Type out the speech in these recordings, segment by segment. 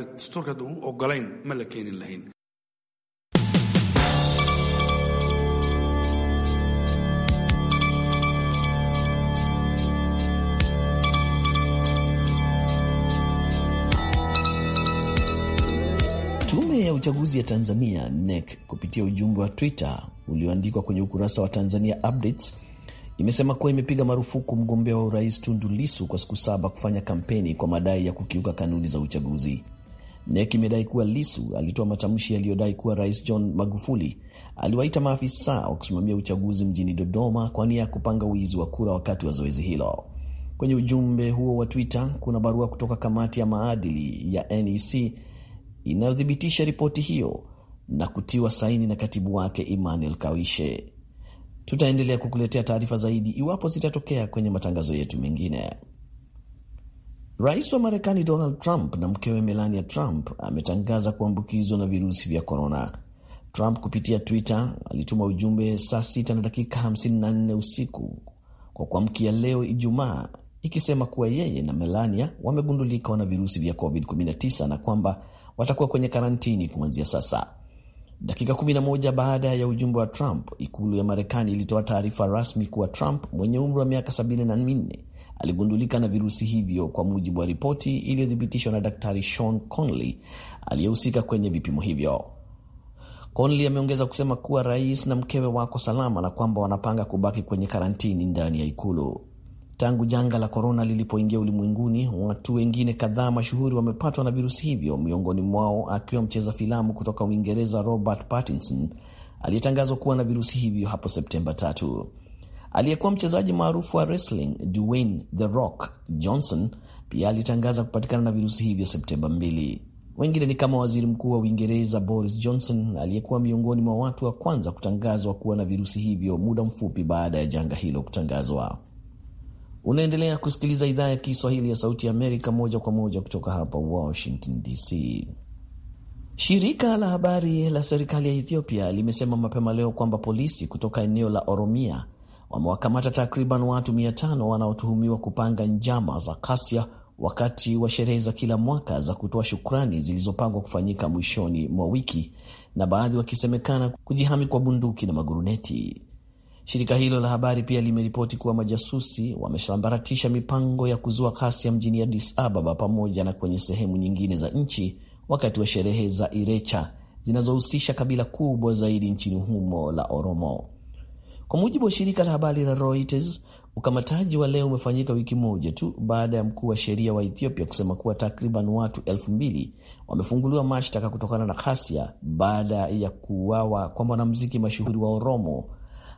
dastuurka u ogolayn ma la keenin lahayn Tume ya uchaguzi ya Tanzania NEC kupitia ujumbe wa Twitter ulioandikwa kwenye ukurasa wa Tanzania Updates imesema kuwa imepiga marufuku mgombea wa urais Tundu Lisu kwa siku saba kufanya kampeni kwa madai ya kukiuka kanuni za uchaguzi. NEC imedai kuwa Lisu alitoa matamshi yaliyodai kuwa Rais John Magufuli aliwaita maafisa wa kusimamia uchaguzi mjini Dodoma kwa nia ya kupanga wizi wa kura wakati wa zoezi hilo. Kwenye ujumbe huo wa Twitter kuna barua kutoka kamati ya maadili ya NEC inayothibitisha ripoti hiyo na kutiwa saini na katibu wake Emmanuel Kawishe. Tutaendelea kukuletea taarifa zaidi iwapo zitatokea kwenye matangazo yetu mengine. Rais wa Marekani Donald Trump na mkewe Melania Trump ametangaza kuambukizwa na virusi vya korona. Trump kupitia Twitter alituma ujumbe saa sita na dakika 54 usiku kwa kuamkia leo Ijumaa, ikisema kuwa yeye na Melania wamegundulika wana virusi vya COVID-19 na kwamba watakuwa kwenye karantini kuanzia sasa. Dakika 11 baada ya ujumbe wa Trump, ikulu ya Marekani ilitoa taarifa rasmi kuwa Trump mwenye umri wa miaka 74 aligundulika na virusi hivyo, kwa mujibu wa ripoti iliyothibitishwa na Daktari Sean Conley aliyehusika kwenye vipimo hivyo. Conley ameongeza kusema kuwa rais na mkewe wako salama na kwamba wanapanga kubaki kwenye karantini ndani ya ikulu. Tangu janga la korona lilipoingia ulimwenguni, watu wengine kadhaa mashuhuri wamepatwa na virusi hivyo, miongoni mwao akiwa mcheza filamu kutoka Uingereza Robert Pattinson aliyetangazwa kuwa na virusi hivyo hapo Septemba tatu. Aliyekuwa mchezaji maarufu wa wrestling Dwayne The Rock Johnson pia alitangaza kupatikana na virusi hivyo Septemba 2. Wengine ni kama waziri mkuu wa Uingereza Boris Johnson aliyekuwa miongoni mwa watu wa kwanza kutangazwa kuwa na virusi hivyo muda mfupi baada ya janga hilo kutangazwa. Unaendelea kusikiliza idhaa ya Kiswahili ya Sauti ya Amerika moja kwa moja kutoka hapa Washington DC. Shirika la habari la serikali ya Ethiopia limesema mapema leo kwamba polisi kutoka eneo la Oromia wamewakamata takriban watu 500 wanaotuhumiwa kupanga njama za ghasia wakati wa sherehe za kila mwaka za kutoa shukrani zilizopangwa kufanyika mwishoni mwa wiki, na baadhi wakisemekana kujihami kwa bunduki na maguruneti. Shirika hilo la habari pia limeripoti kuwa majasusi wamesambaratisha mipango ya kuzua ghasia mjini Addis Ababa pamoja na kwenye sehemu nyingine za nchi wakati wa sherehe za Irecha zinazohusisha kabila kubwa zaidi nchini humo la Oromo. Kwa mujibu wa shirika la habari la Reuters, ukamataji wa leo umefanyika wiki moja tu baada ya mkuu wa sheria wa Ethiopia kusema kuwa takriban watu elfu mbili wamefunguliwa mashtaka kutokana na ghasia baada ya kuuawa kwa mwanamuziki mashuhuri wa Oromo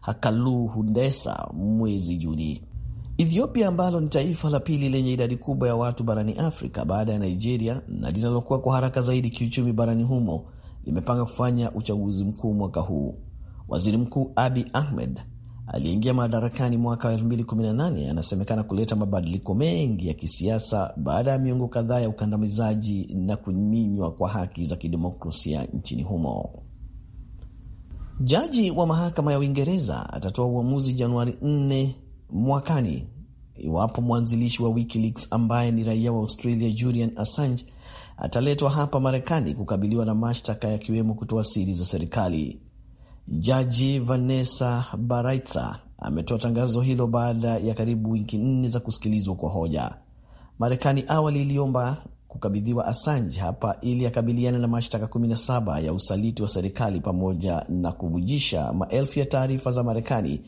Hakalu Hundesa mwezi Juni. Ethiopia ambalo ni taifa la pili lenye idadi kubwa ya watu barani Afrika baada ya Nigeria na linalokuwa kwa haraka zaidi kiuchumi barani humo limepanga kufanya uchaguzi mkuu mwaka huu. Waziri Mkuu abi Ahmed aliyeingia madarakani mwaka wa 2018 anasemekana kuleta mabadiliko mengi ya kisiasa baada ya miongo kadhaa ya ukandamizaji na kuninywa kwa haki za kidemokrasia nchini humo. Jaji wa mahakama ya Uingereza atatoa uamuzi Januari 4 mwakani iwapo mwanzilishi wa WikiLeaks ambaye ni raia wa Australia Julian Assange ataletwa hapa Marekani kukabiliwa na mashtaka yakiwemo kutoa siri za serikali. Jaji Vanessa baraitsa ametoa tangazo hilo baada ya karibu wiki nne za kusikilizwa kwa hoja. Marekani awali iliomba kukabidhiwa Assange hapa ili akabiliane na mashtaka 17 ya usaliti wa serikali pamoja na kuvujisha maelfu ya taarifa za Marekani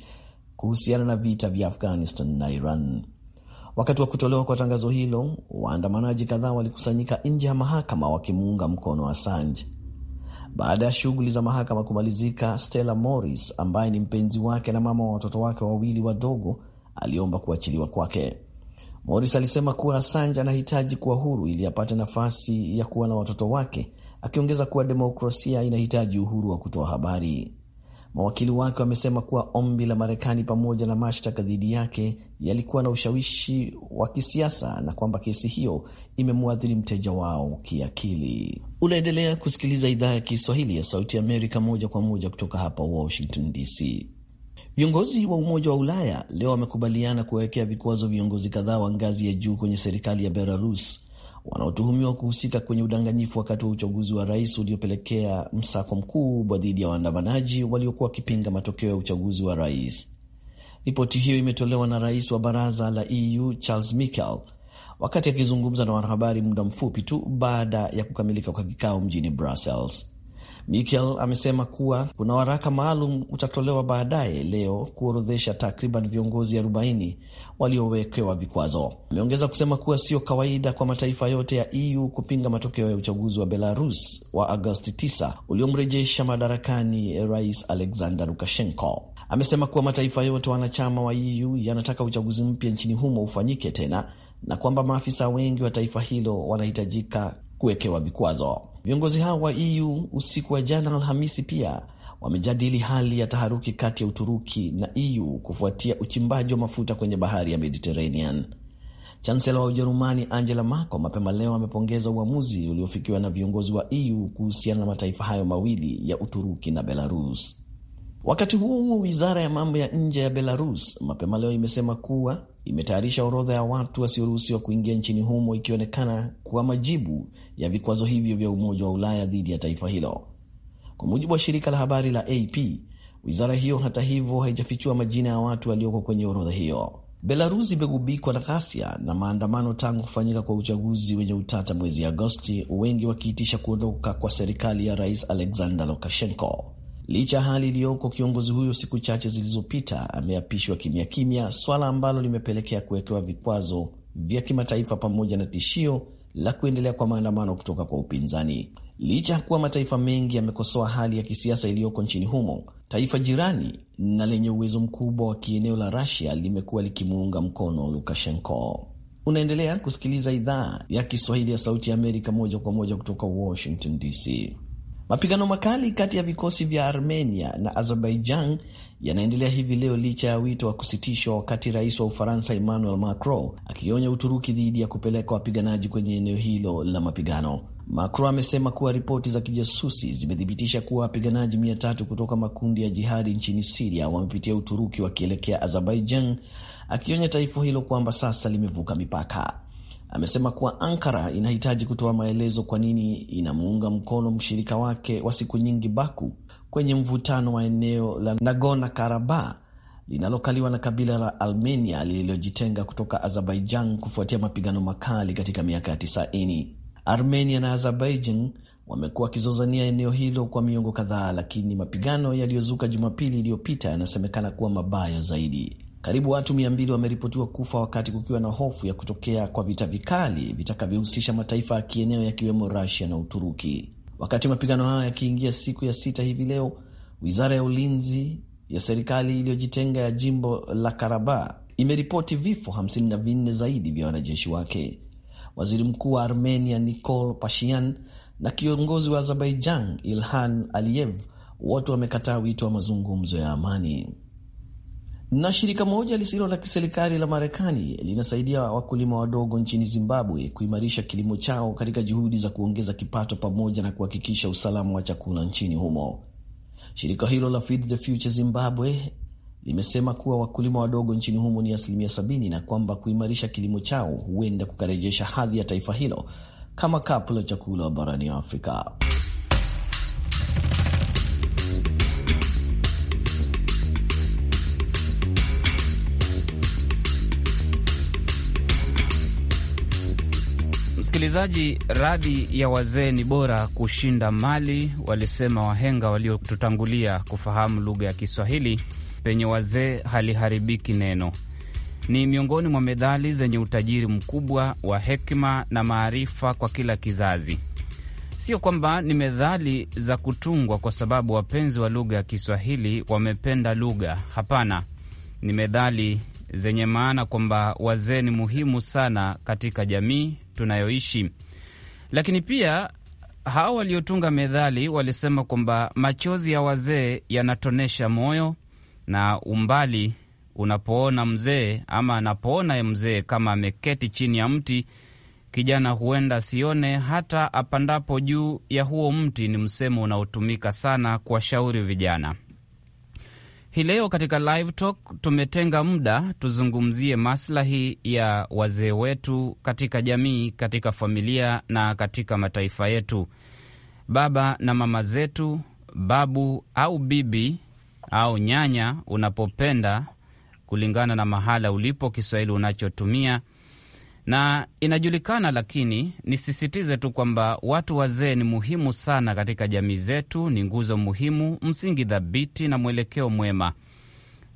kuhusiana na vita vya Afghanistan na Iran. Wakati wa kutolewa kwa tangazo hilo, waandamanaji kadhaa walikusanyika nje ya mahakama wakimuunga mkono Assange. Baada ya shughuli za mahakama kumalizika, Stella Morris ambaye ni mpenzi wake na mama wa watoto wake wawili wadogo aliomba kuachiliwa kwake. Morris alisema kuwa Assange anahitaji kuwa huru ili apate nafasi ya kuwa na watoto wake, akiongeza kuwa demokrasia inahitaji uhuru wa kutoa habari. Mawakili wake wamesema kuwa ombi la Marekani pamoja na mashtaka dhidi yake yalikuwa na ushawishi wa kisiasa na kwamba kesi hiyo imemwathiri mteja wao kiakili. Unaendelea kusikiliza idhaa ya Kiswahili ya Sauti ya Amerika moja kwa moja kutoka hapa Washington DC. Viongozi wa Umoja wa Ulaya leo wamekubaliana kuwawekea vikwazo viongozi kadhaa wa ngazi ya juu kwenye serikali ya Belarus wanaotuhumiwa kuhusika kwenye udanganyifu wakati wa uchaguzi wa rais uliopelekea msako mkubwa dhidi ya waandamanaji waliokuwa wakipinga matokeo ya uchaguzi wa rais. Ripoti hiyo imetolewa na rais wa baraza la EU Charles Michel wakati akizungumza na wanahabari muda mfupi tu baada ya kukamilika kwa kikao mjini Brussels. Mikel amesema kuwa kuna waraka maalum utatolewa baadaye leo kuorodhesha takriban viongozi 40 waliowekewa vikwazo. Ameongeza kusema kuwa sio kawaida kwa mataifa yote ya EU kupinga matokeo ya uchaguzi wa Belarus wa Agosti 9 uliomrejesha madarakani Rais Alexander Lukashenko. Amesema kuwa mataifa yote wanachama wa EU yanataka uchaguzi mpya nchini humo ufanyike tena na kwamba maafisa wengi wa taifa hilo wanahitajika kuwekewa vikwazo. Viongozi hao wa EU usiku wa jana Alhamisi pia wamejadili hali ya taharuki kati ya Uturuki na EU kufuatia uchimbaji wa mafuta kwenye bahari ya Mediterranean. Chansela wa Ujerumani Angela Merkel mapema leo amepongeza uamuzi uliofikiwa na viongozi wa EU kuhusiana na mataifa hayo mawili ya Uturuki na Belarus. Wakati huo huo, wizara ya mambo ya nje ya Belarus mapema leo imesema kuwa imetayarisha orodha ya watu wasioruhusiwa kuingia nchini humo, ikionekana kuwa majibu ya vikwazo hivyo vya Umoja wa Ulaya dhidi ya taifa hilo, kwa mujibu wa shirika la habari la AP. Wizara hiyo hata hivyo haijafichua majina ya watu walioko kwenye orodha hiyo. Belarus imegubikwa na ghasia na maandamano tangu kufanyika kwa uchaguzi wenye utata mwezi Agosti, wengi wakiitisha kuondoka kwa serikali ya rais Alexander Lukashenko. Licha ya hali iliyoko, kiongozi huyo siku chache zilizopita ameapishwa kimya kimya, swala ambalo limepelekea kuwekewa vikwazo vya kimataifa pamoja na tishio la kuendelea kwa maandamano kutoka kwa upinzani. Licha ya kuwa mataifa mengi yamekosoa hali ya kisiasa iliyoko nchini humo, taifa jirani na lenye uwezo mkubwa wa kieneo la rasia limekuwa likimuunga mkono Lukashenko. Unaendelea kusikiliza idhaa ya Kiswahili ya Sauti ya Amerika moja kwa moja kutoka Washington DC. Mapigano makali kati ya vikosi vya Armenia na Azerbaijan yanaendelea hivi leo licha ya wito wa kusitishwa, wakati rais wa Ufaransa Emmanuel Macron akionya Uturuki dhidi ya kupeleka wapiganaji kwenye eneo hilo la mapigano. Macron amesema kuwa ripoti za kijasusi zimethibitisha kuwa wapiganaji mia tatu kutoka makundi ya jihadi nchini Siria wamepitia Uturuki wakielekea Azerbaijan, akionya taifa hilo kwamba sasa limevuka mipaka amesema kuwa Ankara inahitaji kutoa maelezo kwa nini inamuunga mkono mshirika wake wa siku nyingi Baku kwenye mvutano wa eneo la nagona Karabakh linalokaliwa na kabila la Armenia lililojitenga kutoka Azerbaijan kufuatia mapigano makali katika miaka ya 90. Armenia na Azerbaijan wamekuwa wakizozania eneo hilo kwa miongo kadhaa, lakini mapigano yaliyozuka Jumapili iliyopita yanasemekana kuwa mabaya zaidi. Karibu watu 200 wameripotiwa kufa wakati kukiwa na hofu ya kutokea kwa vita vikali vitakavyohusisha mataifa ya kieneo yakiwemo Rusia na Uturuki. Wakati mapigano hayo yakiingia siku ya sita hivi leo, wizara ya ulinzi ya serikali iliyojitenga ya jimbo la karaba imeripoti vifo 54 zaidi vya wanajeshi wake. Waziri mkuu wa Armenia Nikol Pashinyan na kiongozi wa Azerbaijan Ilhan Aliyev wote wamekataa wito wa mazungumzo ya amani. Na shirika moja lisilo la kiserikali la Marekani linasaidia wakulima wadogo nchini Zimbabwe kuimarisha kilimo chao katika juhudi za kuongeza kipato pamoja na kuhakikisha usalama wa chakula nchini humo. Shirika hilo la Feed the Future Zimbabwe limesema kuwa wakulima wadogo nchini humo ni asilimia sabini na kwamba kuimarisha kilimo chao huenda kukarejesha hadhi ya taifa hilo kama kapu la chakula barani Afrika. Msikilizaji, radhi ya wazee ni bora kushinda mali, walisema wahenga waliotutangulia kufahamu lugha ya Kiswahili. Penye wazee haliharibiki neno. Ni miongoni mwa medhali zenye utajiri mkubwa wa hekima na maarifa kwa kila kizazi. Sio kwamba ni medhali za kutungwa kwa sababu wapenzi wa lugha ya Kiswahili wamependa lugha. Hapana, ni methali zenye maana kwamba wazee ni muhimu sana katika jamii tunayoishi. Lakini pia hao waliotunga methali walisema kwamba machozi ya wazee yanatonesha moyo, na umbali unapoona mzee ama anapoona mzee kama ameketi chini ya mti, kijana huenda asione hata apandapo juu ya huo mti, ni msemo unaotumika sana kuwashauri vijana. Hii leo katika live talk tumetenga muda tuzungumzie maslahi ya wazee wetu katika jamii, katika familia na katika mataifa yetu. Baba na mama zetu, babu au bibi au nyanya, unapopenda kulingana na mahala ulipo, Kiswahili unachotumia na inajulikana, lakini nisisitize tu kwamba watu wazee ni muhimu sana katika jamii zetu. Ni nguzo muhimu, msingi thabiti na mwelekeo mwema.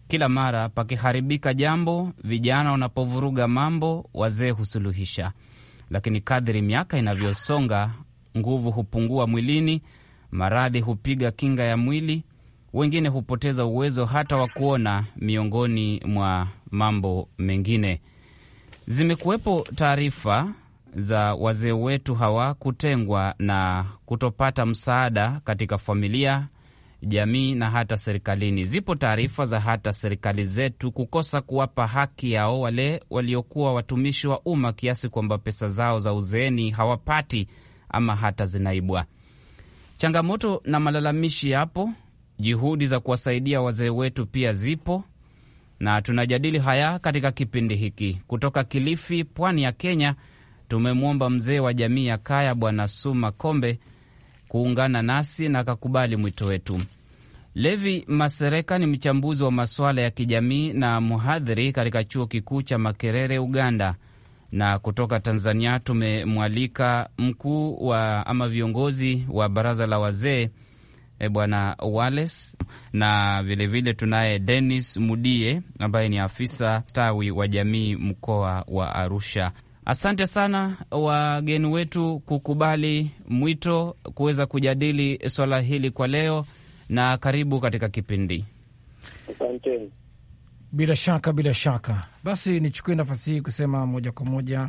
Kila mara pakiharibika jambo, vijana wanapovuruga mambo, wazee husuluhisha. Lakini kadri miaka inavyosonga, nguvu hupungua mwilini, maradhi hupiga kinga ya mwili, wengine hupoteza uwezo hata wa kuona, miongoni mwa mambo mengine. Zimekuwepo taarifa za wazee wetu hawa kutengwa na kutopata msaada katika familia, jamii na hata serikalini. Zipo taarifa za hata serikali zetu kukosa kuwapa haki yao wale waliokuwa watumishi wa umma, kiasi kwamba pesa zao za uzeeni hawapati ama hata zinaibwa. Changamoto na malalamishi yapo, juhudi za kuwasaidia wazee wetu pia zipo na tunajadili haya katika kipindi hiki. Kutoka Kilifi, pwani ya Kenya, tumemwomba mzee wa jamii ya Kaya Bwana Suma Kombe kuungana nasi na akakubali mwito wetu. Levi Masereka ni mchambuzi wa masuala ya kijamii na mhadhiri katika chuo kikuu cha Makerere, Uganda. Na kutoka Tanzania tumemwalika mkuu wa ama viongozi wa baraza la wazee Eh, bwana Wales, na vilevile tunaye Dennis Mudie ambaye ni afisa stawi wa jamii mkoa wa Arusha. Asante sana wageni wetu kukubali mwito kuweza kujadili swala hili kwa leo, na karibu katika kipindi. Asante. Bila shaka, bila shaka. Basi nichukue nafasi hii kusema moja kwa moja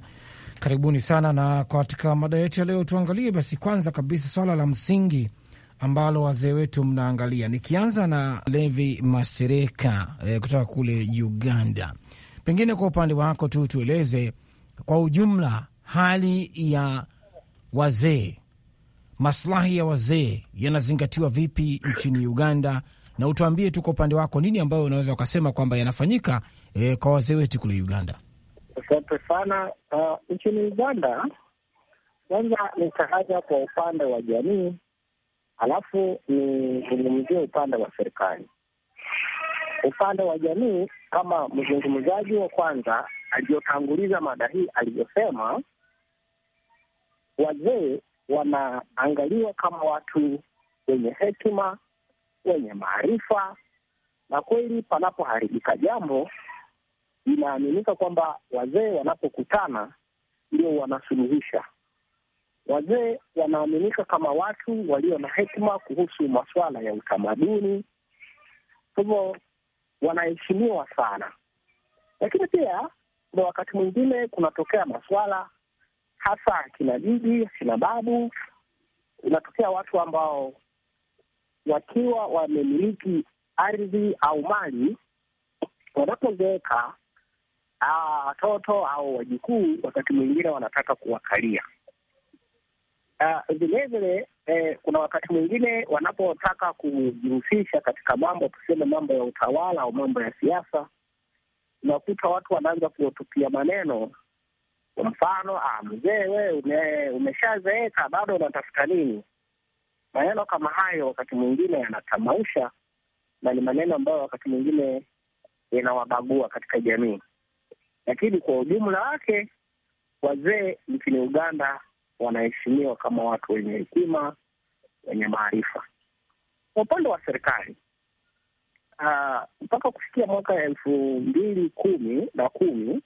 karibuni sana, na katika mada yetu ya leo tuangalie basi kwanza kabisa swala la msingi ambalo wazee wetu mnaangalia, nikianza na Levi Masereka e, kutoka kule Uganda. Pengine kwa upande wako tu tueleze kwa ujumla hali ya wazee, maslahi ya wazee yanazingatiwa vipi nchini Uganda, na utuambie tu kwa upande wako nini ambayo unaweza ukasema kwamba yanafanyika e, kwa wazee wetu kule Uganda. Asante sana. Uh, nchini Uganda kwanza kahaja kwa upande wa jamii ni nizungumzie upande wa serikali. Upande wa jamii, kama mzungumzaji wa kwanza aliyotanguliza mada hii alivyosema, wazee wanaangaliwa kama watu wenye hekima, wenye maarifa, na kweli panapoharibika jambo, inaaminika kwamba wazee wanapokutana ndio wanasuluhisha Wazee wanaaminika kama watu walio na hekima kuhusu masuala ya utamaduni, hivyo wanaheshimiwa sana. Lakini pia kuna wakati mwingine kunatokea masuala hasa akina bibi, akina babu, inatokea watu ambao wakiwa wamemiliki ardhi au mali, wanapozeeka ah, watoto au wajukuu wakati mwingine wanataka kuwakalia vilevile ah, uh, eh, kuna wakati mwingine wanapotaka kujihusisha katika mambo tuseme, mambo ya utawala au mambo ya siasa, unakuta watu wanaanza kuwatupia maneno. Kwa mfano, ah, mzee we ume, umeshazeeka bado unatafuta nini? Maneno kama hayo wakati mwingine yanatamausha na ni maneno ambayo wakati mwingine yanawabagua katika jamii, lakini kwa ujumla wake wazee nchini Uganda wanaheshimiwa kama watu wenye hekima, wenye maarifa. Kwa upande wa serikali ah, mpaka uh, kufikia mwaka elfu mbili kumi na kumi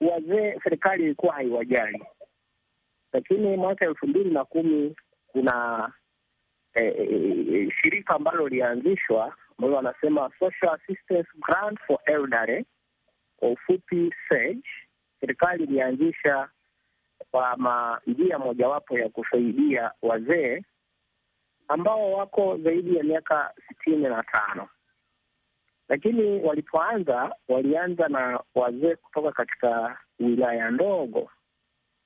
wazee serikali ilikuwa haiwajali, lakini mwaka elfu mbili na kumi kuna e, e, shirika ambalo lilianzishwa ambalo wanasema Social Assistance Grant for Elderly, kwa ufupi SAGE. Serikali ilianzisha kwa njia mojawapo ya kusaidia wazee ambao wako zaidi ya miaka sitini na tano lakini walipoanza walianza na wazee kutoka katika wilaya ndogo.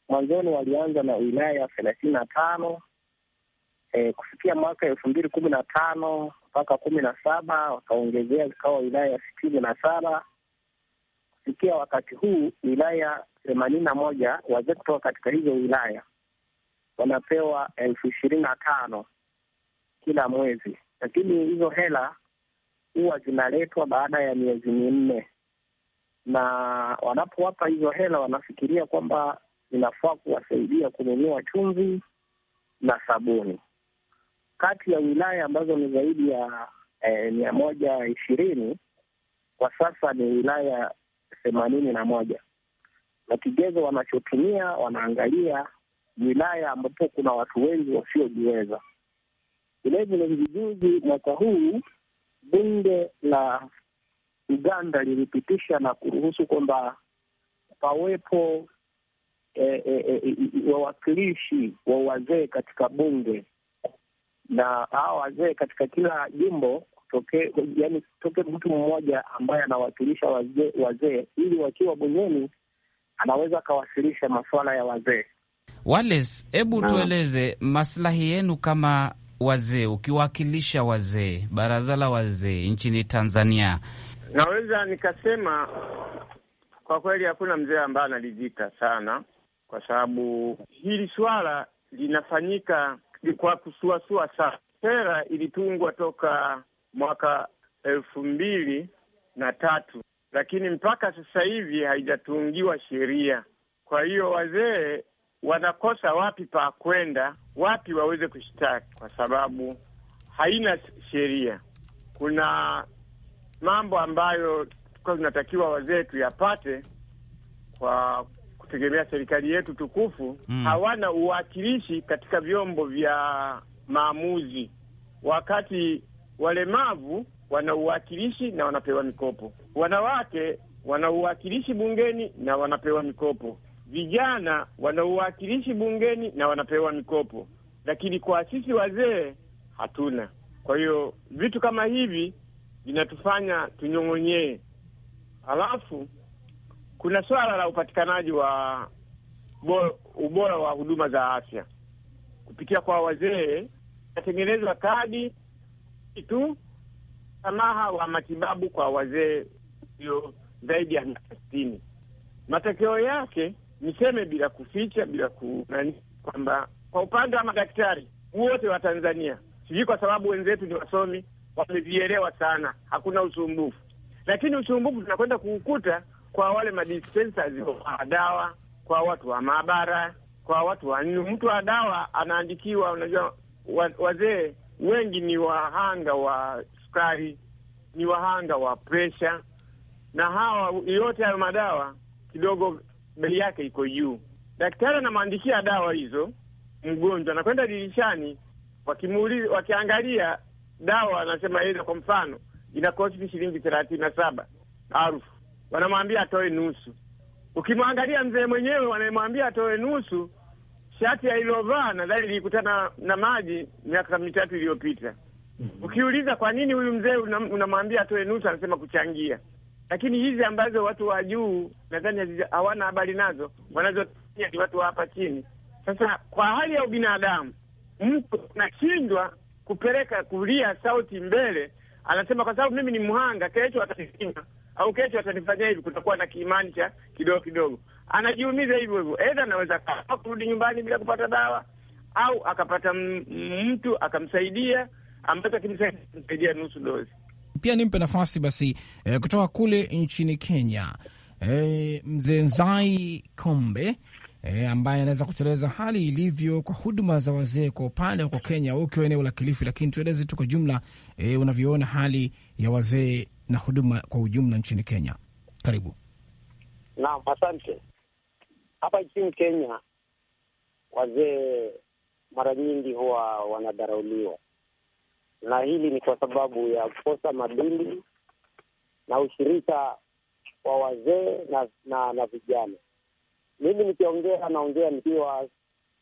Mwanzoni walianza na wilaya thelathini na tano e, kufikia mwaka elfu mbili kumi na tano mpaka kumi na saba wakaongezea zikawa wilaya sitini na saba kufikia wakati huu wilaya themanini na moja wazee kutoka katika hizo wilaya wanapewa elfu ishirini na tano kila mwezi, lakini hizo hela huwa zinaletwa baada ya miezi minne, na wanapowapa hizo hela wanafikiria kwamba inafaa kuwasaidia kununua chumvi na sabuni. Kati ya wilaya ambazo ni zaidi ya eh, mia moja ishirini kwa sasa ni wilaya themanini na moja na kigezo wanachotumia wanaangalia wilaya ambapo kuna watu wengi wasiojiweza. Vilevile hivi juzi, mwaka huu bunge la Uganda lilipitisha na kuruhusu kwamba pawepo e, e, e, wawakilishi wa wazee katika bunge, na hawa wazee katika kila jimbo toke, yani toke mtu mmoja ambaye anawakilisha wazee wazee, ili wakiwa bungeni anaweza akawasilisha masuala ya wazee Wales, Hebu tueleze maslahi yenu kama wazee, ukiwakilisha wazee, baraza la wazee nchini Tanzania. Naweza nikasema kwa kweli hakuna mzee ambaye analivita sana, kwa sababu hili swala linafanyika kwa kusuasua sana. Sera ilitungwa toka mwaka elfu mbili na tatu, lakini mpaka sasa hivi haijatungiwa sheria. Kwa hiyo wazee wanakosa wapi pa kwenda, wapi waweze kushtaki, kwa sababu haina sheria. Kuna mambo ambayo tulikuwa tunatakiwa wazee tuyapate kwa kutegemea serikali yetu tukufu mm. Hawana uwakilishi katika vyombo vya maamuzi, wakati walemavu wana uwakilishi na wanapewa mikopo, wanawake wana uwakilishi bungeni na wanapewa mikopo, vijana wana uwakilishi bungeni na wanapewa mikopo, lakini kwa sisi wazee hatuna. Kwa hiyo vitu kama hivi vinatufanya tunyong'onyee. Halafu kuna swala la upatikanaji wa ubora wa huduma za afya kupitia kwa wazee, inatengenezwa kadi tu msamaha wa matibabu kwa wazee walio zaidi ya miaka sitini. Matokeo yake niseme bila kuficha, bila kunani, kwamba kwa upande wa madaktari wote wa Tanzania, sijui kwa sababu wenzetu ni wasomi, wamevielewa sana, hakuna usumbufu, lakini usumbufu tunakwenda kuukuta kwa wale madispensers wa dawa, kwa watu wa maabara, kwa watu wa mtu wa dawa anaandikiwa, unajua wazee wengi ni wahanga wa sukari, ni wahanga wa presha, na hawa yote hayo madawa kidogo bei yake iko juu. Daktari anamwandikia dawa hizo mgonjwa, anakwenda dirishani, wakimuuliza, wakiangalia dawa anasema ile, kwa mfano kosti shilingi thelathini na saba arufu wanamwambia atoe nusu. Ukimwangalia mzee mwenyewe wanamwambia atoe nusu shati aliyovaa nadhani lilikutana na maji miaka mitatu iliyopita. Mhm. Ukiuliza kwa nini huyu mzee unamwambia atoe nusu, anasema kuchangia. Lakini hizi ambazo watu wa juu nadhani hawana habari nazo, wanazotumia ni watu wa hapa chini. Sasa kwa hali ya ubinadamu, mtu unashindwa kupeleka kulia sauti mbele, anasema kwa sababu mimi ni mhanga, kesho watanifinya au kesho atanifanyia hivi, kutakuwa na kiimani cha kidogo kidogo. Anajiumiza hivyo hivyo, Edha anaweza kaa kurudi nyumbani bila kupata dawa, au akapata mtu akamsaidia, ambacho akimsaidia nusu dozi. Pia nimpe nafasi basi eh, kutoka kule nchini Kenya eh, mzee Nzai Kombe E, ambaye anaweza kutueleza hali ilivyo kwa huduma za wazee kwa upande huko Kenya, ukiwa eneo la Kilifi, lakini tueleze tu kwa jumla e, unavyoona hali ya wazee na huduma kwa ujumla nchini Kenya. Karibu. Naam, asante. Hapa nchini Kenya wazee mara nyingi huwa wanadharauliwa, na hili ni kwa sababu ya kukosa madili na ushirika wa wazee na na, na vijana. Mimi nikiongea naongea nikiwa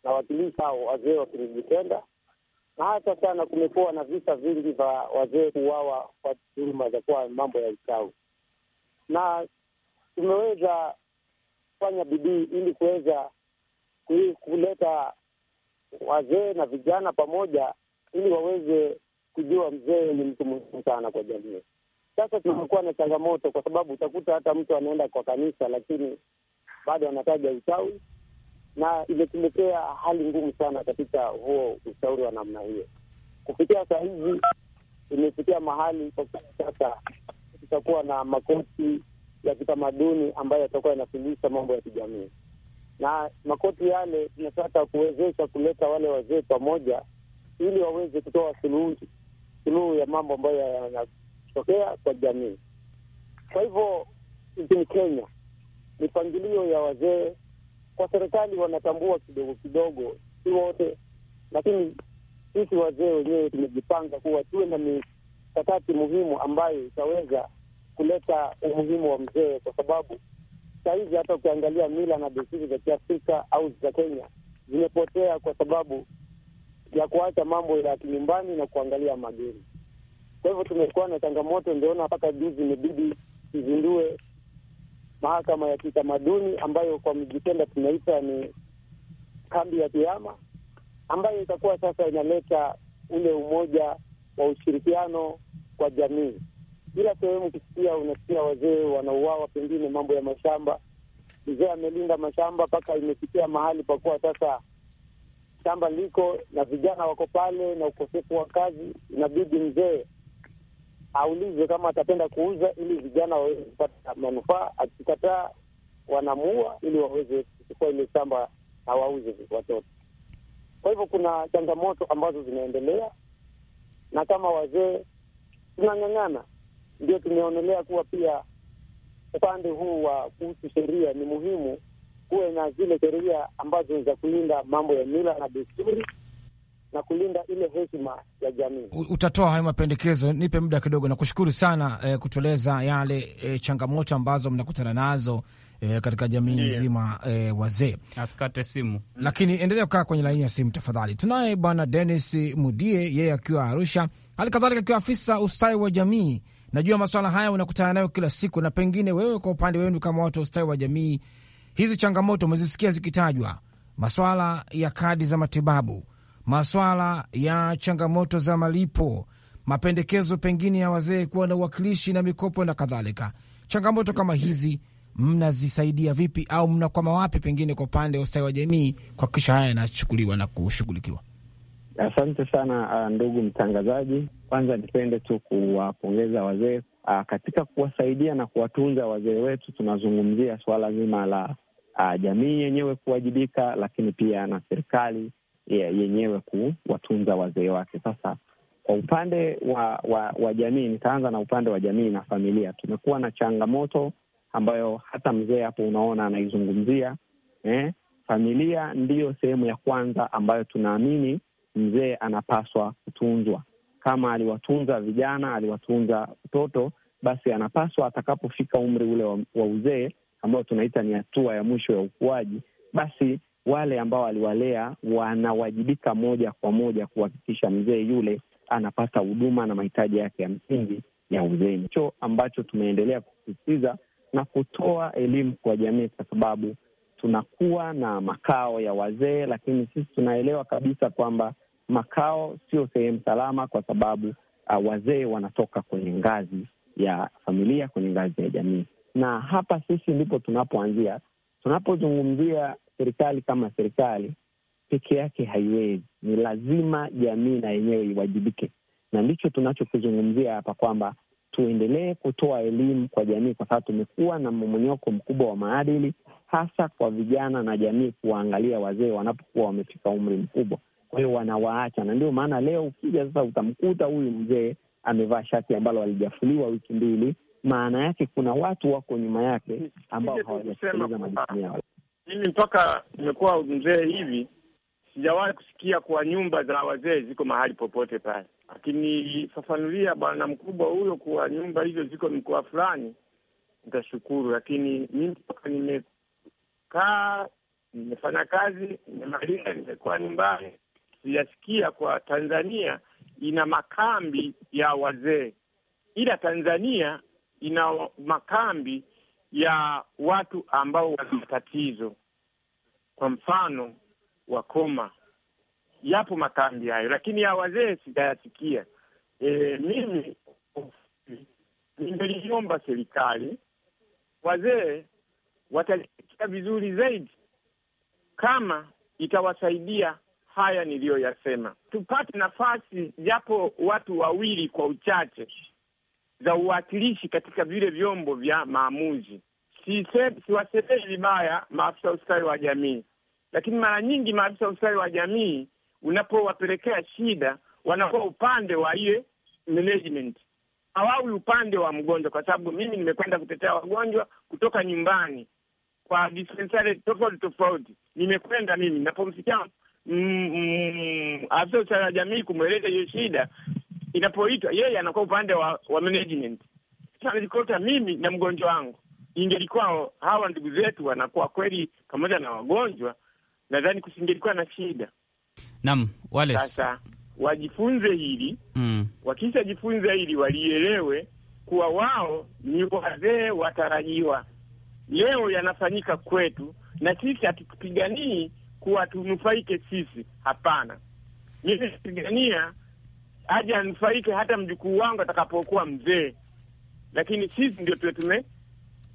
nawakilisha wazee wa na hasa sana kumekuwa na visa vingi vya wazee kuuawa kwa dhuluma za kuwa mambo ya uchawi, na tumeweza kufanya bidii ili kuweza kuleta wazee na vijana pamoja ili waweze kujua mzee ni mtu muhimu sana kwa jamii. Sasa tumekuwa na changamoto, kwa sababu utakuta hata mtu anaenda kwa kanisa, lakini bado anataja uchawi na imetuletea hali ngumu sana katika huo ushauri wa namna hiyo. Kufikia saa hizi imefikia mahali kwa kweli, sasa tutakuwa na makoti ya kitamaduni ambayo yatakuwa yanasuluhisha mambo ya kijamii, na makoti yale tunataka kuwezesha kuleta wale wazee pamoja, ili waweze kutoa suluhu suluhu ya mambo ambayo yanatokea kwa jamii. Kwa hivyo nchini Kenya mipangilio ya wazee kwa serikali wanatambua kidogo kidogo, si wote, lakini sisi wazee wenyewe tumejipanga kuwa tuwe na mikakati muhimu ambayo itaweza kuleta umuhimu wa mzee, kwa sababu sahizi hata ukiangalia mila na desturi za Kiafrika au za Kenya zimepotea kwa sababu ya kuacha mambo ya kinyumbani na kuangalia mageni. Kwa hivyo tumekuwa na changamoto, ndiona mpaka juzi imebidi izindue mahakama ya kitamaduni ambayo kwa mjitenda tunaita ni kambi ya kiama, ambayo itakuwa sasa inaleta ule umoja wa ushirikiano kwa jamii. Kila sehemu ukisikia, unasikia wazee wanauawa, pengine mambo ya mashamba. Mzee amelinda mashamba mpaka imefikia mahali pakuwa sasa shamba liko na vijana wako pale na ukosefu wa kazi, inabidi mzee aulize kama atapenda kuuza ili vijana waweze kupata manufaa. Akikataa wanamuua ili waweze kuchukua ile shamba na wauze watoto. Kwa hivyo kuna changamoto ambazo zinaendelea, na kama wazee tunang'ang'ana, ndio tumeonelea kuwa pia upande huu wa kuhusu sheria ni muhimu, kuwe na zile sheria ambazo za kulinda mambo ya mila na desturi na kulinda ile heshima ya jamii. Utatoa hayo mapendekezo, nipe muda kidogo. Nakushukuru sana eh, kutueleza yale eh, changamoto ambazo mnakutana nazo eh, katika jamii yeah, nzima eh, wazee. Asikate simu, lakini endelea kukaa kwenye laini ya simu tafadhali. Tunaye bwana Denis Mudie, yeye akiwa Arusha, hali kadhalika akiwa afisa ustawi wa jamii. Najua masuala haya unakutana nayo kila siku, na pengine wewe kwa upande wenu kama watu wa ustawi wa jamii, hizi changamoto umezisikia zikitajwa, maswala ya kadi za matibabu maswala ya changamoto za malipo, mapendekezo pengine ya wazee kuwa na uwakilishi na mikopo na kadhalika. Changamoto kama hizi mnazisaidia vipi, au mnakwama wapi pengine kwa upande wa ustawi wa jamii kuhakikisha haya yanachukuliwa na kushughulikiwa? Asante sana uh, ndugu mtangazaji. Kwanza nipende tu kuwapongeza wazee uh, katika kuwasaidia na kuwatunza wazee wetu. Tunazungumzia suala zima la uh, jamii yenyewe kuwajibika, lakini pia na serikali Eh, yenyewe kuwatunza wazee wake. Sasa kwa upande wa, wa, wa jamii, nitaanza na upande wa jamii na familia. Tumekuwa na changamoto ambayo hata mzee hapo unaona anaizungumzia eh? Familia ndiyo sehemu ya kwanza ambayo tunaamini mzee anapaswa kutunzwa. Kama aliwatunza vijana, aliwatunza mtoto, basi anapaswa atakapofika umri ule wa, wa uzee ambao tunaita ni hatua ya mwisho ya ukuaji, basi wale ambao waliwalea wanawajibika moja kwa moja kuhakikisha mzee yule anapata huduma na mahitaji yake ya msingi ya uzeeni. Hicho ambacho tumeendelea kusisitiza na kutoa elimu kwa jamii, kwa sababu tunakuwa na makao ya wazee, lakini sisi tunaelewa kabisa kwamba makao sio sehemu salama, kwa sababu uh, wazee wanatoka kwenye ngazi ya familia, kwenye ngazi ya jamii, na hapa sisi ndipo tunapoanzia tunapozungumzia serikali kama serikali peke yake haiwezi, ni lazima jamii na yenyewe iwajibike, na ndicho tunachokizungumzia hapa kwamba tuendelee kutoa elimu kwa jamii, kwa sababu tumekuwa na mmonyoko mkubwa wa maadili, hasa kwa vijana na jamii kuwaangalia wazee wanapokuwa wamefika umri mkubwa, kwa hiyo wanawaacha. Na ndio maana leo ukija sasa utamkuta huyu mzee amevaa shati ambalo alijafuliwa wiki mbili. Maana yake kuna watu wako nyuma yake ambao hawajasikiliza majukumu yao mimi mpaka nimekuwa mzee hivi sijawahi kusikia kuwa nyumba za wazee ziko mahali popote pale. Akinifafanulia bwana mkubwa huyo kuwa nyumba hizo ziko mkoa fulani, nitashukuru. Lakini mimi mpaka nimekaa, nimefanya kazi, nimemaliza, nimekuwa nyumbani, sijasikia kwa Tanzania ina makambi ya wazee, ila Tanzania ina makambi ya watu ambao wana matatizo kwa mfano wa koma yapo makambi hayo, lakini ya wazee sijayasikia. E, mimi nimeliomba serikali wazee watasikia vizuri zaidi kama itawasaidia haya niliyoyasema, tupate nafasi japo watu wawili kwa uchache za uwakilishi katika vile vyombo vya maamuzi. siwasemei vibaya maafisa ustawi wa jamii, lakini mara nyingi maafisa ustawi wa jamii, unapowapelekea shida, wanakuwa upande wa ile management, hawawi upande wa mgonjwa, kwa sababu mimi nimekwenda kutetea wagonjwa kutoka nyumbani kwa dispensari tofauti tofauti, nimekwenda mimi, napomsikia afisa ustawi wa jamii kumweleza hiyo shida inapoitwa yeye anakuwa upande wa, wa management. Najikuta mimi na mgonjwa wangu, ingelikuwa hawa ndugu zetu wanakuwa kweli pamoja na wagonjwa, nadhani kusingelikuwa na shida. Naam, wale sasa wajifunze hili mm. Wakishajifunza hili walielewe kuwa wao ni wazee watarajiwa. Leo yanafanyika kwetu, na sisi hatupiganii kuwa tunufaike sisi, hapana. Mimi napigania aje anufaike hata mjukuu wangu atakapokuwa mzee, lakini sisi ndio tuwe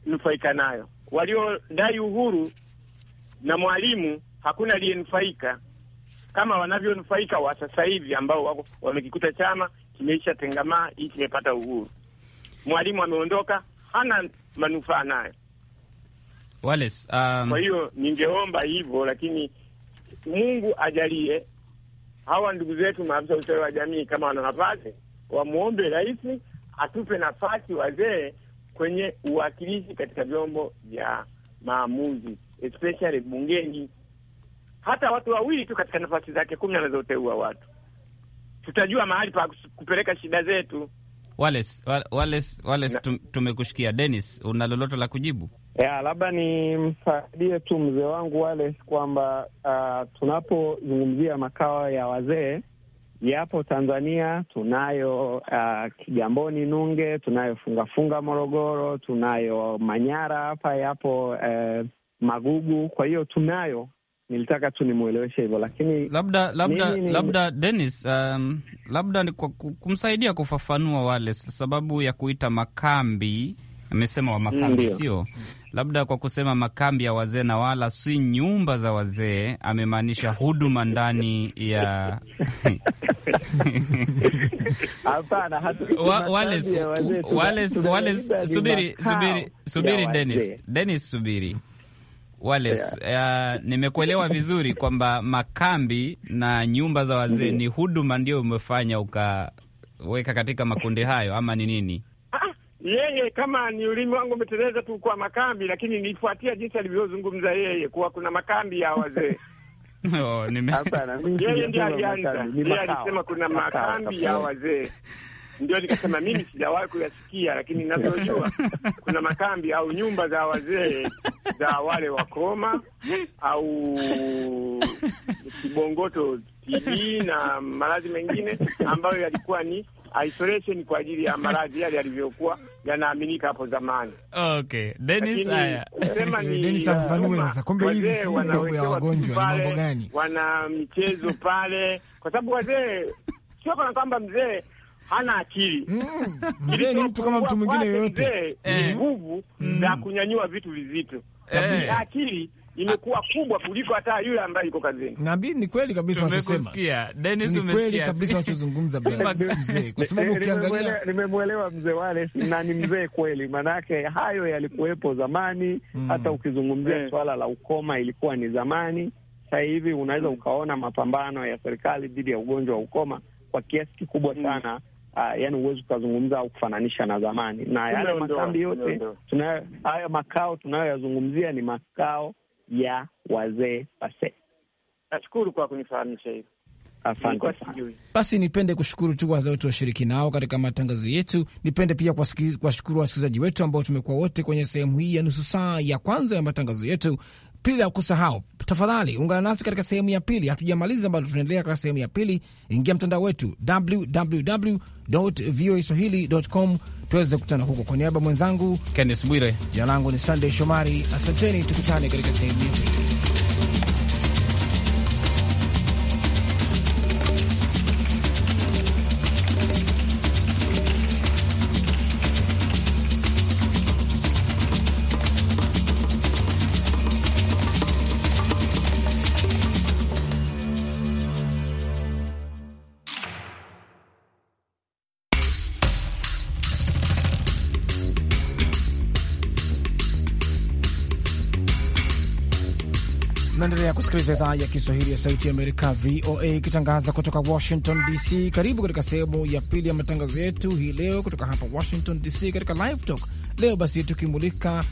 tumenufaika nayo. Waliodai uhuru na Mwalimu hakuna aliyenufaika kama wanavyonufaika wa sasa hivi ambao wamekikuta chama kimeisha tengamaa, hii kimepata uhuru. Mwalimu ameondoka, hana manufaa nayo. Wales, um... kwa hiyo ningeomba hivyo, lakini Mungu ajalie hawa ndugu zetu maafisa ustawi wa jamii, kama wana nafasi wamwombe rais atupe nafasi wazee kwenye uwakilishi katika vyombo vya maamuzi especially bungeni hata watu wawili tu katika nafasi zake kumi anazoteua watu, tutajua mahali pa kupeleka shida zetu. Wales, tum, tumekushikia. Dennis, una lolote la kujibu? Ya, labda nimsaidie tu mzee wangu Wallace kwamba uh, tunapozungumzia makao ya wazee yapo Tanzania, tunayo uh, Kigamboni Nunge, tunayo fungafunga Morogoro, tunayo Manyara hapa yapo uh, Magugu. Kwa hiyo tunayo nilitaka tu nimweleweshe hivyo, lakini labda labda nini, labda nini, Dennis, um, labda ni kwa kumsaidia kufafanua wale sababu ya kuita makambi, amesema wa makambi sio labda kwa kusema makambi ya wazee na wala si nyumba za wazee, amemaanisha huduma ndani ya hapana. Wales, Wales, Wales, subiri, subiri, subiri Dennis, Dennis, subiri Wales, yeah. Uh, nimekuelewa vizuri kwamba makambi na nyumba za wazee ni huduma ndio umefanya ukaweka katika makundi hayo ama ni nini? Ah, yeye kama ni ulimi wangu umeteleza tu kwa makambi, lakini nifuatia jinsi alivyozungumza yeye kuwa kuna makambi ya wazee oh, yeye ndiye alianza, yeye alisema kuna makambi ya wazee ndio nikasema mimi sijawahi kuyasikia, lakini ninavyojua kuna makambi au nyumba za wazee za wale wakoma au kibongoto TB na maradhi mengine ambayo yalikuwa ni isolation kwa ajili ya maradhi yale yalivyokuwa yanaaminika hapo zamani. Okay, Dennis, haya Dennis, afafanue sasa, kumbe hizi si mambo ya wagonjwa, mambo gani? Wana michezo pale, kwa sababu wazee sio kana kwamba mzee hana akili mm. Mzee ni mtu kama mtu mwingine yoyote, ni eh. nguvu mm. za kunyanyua vitu vizito kabisa. Akili imekuwa kubwa kuliko hata yule ambaye yuko kazini. Nabii, ni kweli kabisa unachosema. Umesikia Dennis, umesikia kabisa unachozungumza mzee, kwa eh, sababu ukiangalia, nimemwelewa mzee wale na ni mzee kweli, manake hayo yalikuwepo zamani mm. hata ukizungumzia yeah. swala la ukoma ilikuwa ni zamani. Sasa hivi unaweza mm. ukaona mapambano ya serikali dhidi ya ugonjwa wa ukoma kwa kiasi kikubwa mm. sana mm Uh, yani huwezi ukazungumza au kufananisha na zamani, na yale makambi yote tunayo, haya makao tunayoyazungumzia ni makao ya wazee pase. Nashukuru kwa kunifahamisha hivyo. Basi nipende kushukuru tu wadau wetu washiriki nao katika matangazo yetu. Nipende pia kuwashukuru wasikilizaji wetu ambao tumekuwa wote kwenye sehemu hii ya nusu saa ya kwanza ya matangazo yetu bila kusahau, tafadhali ungana nasi katika sehemu ya pili. Hatujamaliza bado, tunaendelea katika sehemu ya pili. Ingia mtandao wetu swahilicom tuweze kukutana huko. Kwa niaba mwenzangu Kennes Bwire, jina langu ni sandey Shomari. Asanteni, tukutane katika sehemu ya pili. Unaendelea kusikiliza idhaa ya Kiswahili ya Sauti ya Amerika, VOA, ikitangaza kutoka Washington DC. Karibu katika sehemu ya pili ya matangazo yetu hii leo kutoka hapa Washington DC, katika Live Talk leo basi, tukimulika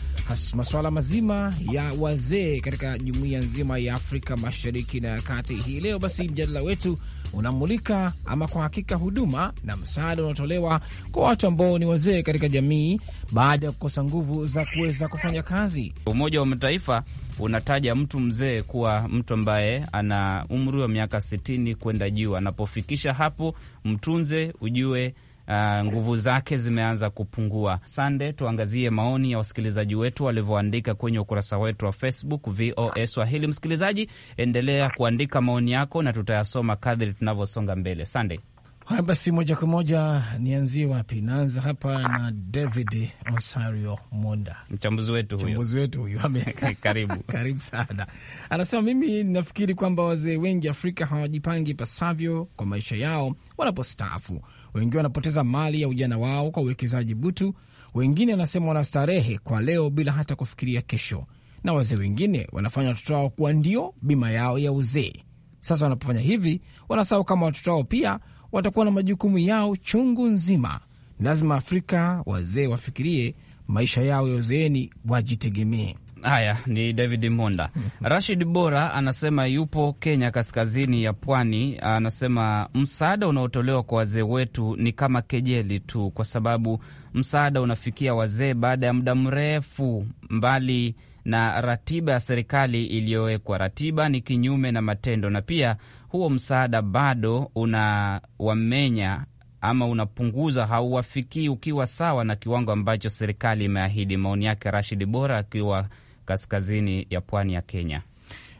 masuala mazima ya wazee katika jumuiya nzima ya Afrika Mashariki na ya Kati. Hii leo basi mjadala wetu unamulika ama kwa hakika huduma na msaada unaotolewa kwa watu ambao ni wazee katika jamii baada ya kukosa nguvu za kuweza kufanya kazi. Umoja wa Mataifa unataja mtu mzee kuwa mtu ambaye ana umri wa miaka sitini kwenda juu. Anapofikisha hapo, mtunze, ujue Ah, nguvu zake zimeanza kupungua. Sande, tuangazie maoni ya wasikilizaji wetu walivyoandika kwenye ukurasa wetu wa Facebook VOA Swahili. Msikilizaji, endelea kuandika maoni yako na tutayasoma kadri tunavyosonga mbele. Sande. Haya basi, moja kwa moja nianzie wapi? Naanza hapa na David Osario Monda, mchambuzi wetu huyo, mchambuzi wetu huyo karibu karibu sana. Anasema, mimi nafikiri kwamba wazee wengi Afrika hawajipangi pasavyo kwa maisha yao wanapostaafu. Wengi wanapoteza mali ya ujana wao kwa uwekezaji butu, wengine wanasema wanastarehe kwa leo bila hata kufikiria kesho, na wazee wengine wanafanya watoto wao kuwa ndio bima yao ya uzee. Sasa wanapofanya hivi, wanasahau kama watoto wao pia watakuwa na majukumu yao chungu nzima. Lazima Afrika wazee wafikirie maisha yao ya uzeeni, wajitegemee. Haya ni David Monda. Mhm. Rashid Bora anasema yupo Kenya, kaskazini ya pwani. Anasema msaada unaotolewa kwa wazee wetu ni kama kejeli tu, kwa sababu msaada unafikia wazee baada ya muda mrefu, mbali na ratiba ya serikali iliyowekwa. Ratiba ni kinyume na matendo, na pia huo msaada bado unawamenya ama unapunguza, hauwafikii ukiwa sawa na kiwango ambacho serikali imeahidi. Maoni yake Rashid Bora akiwa kaskazini ya pwani ya Kenya.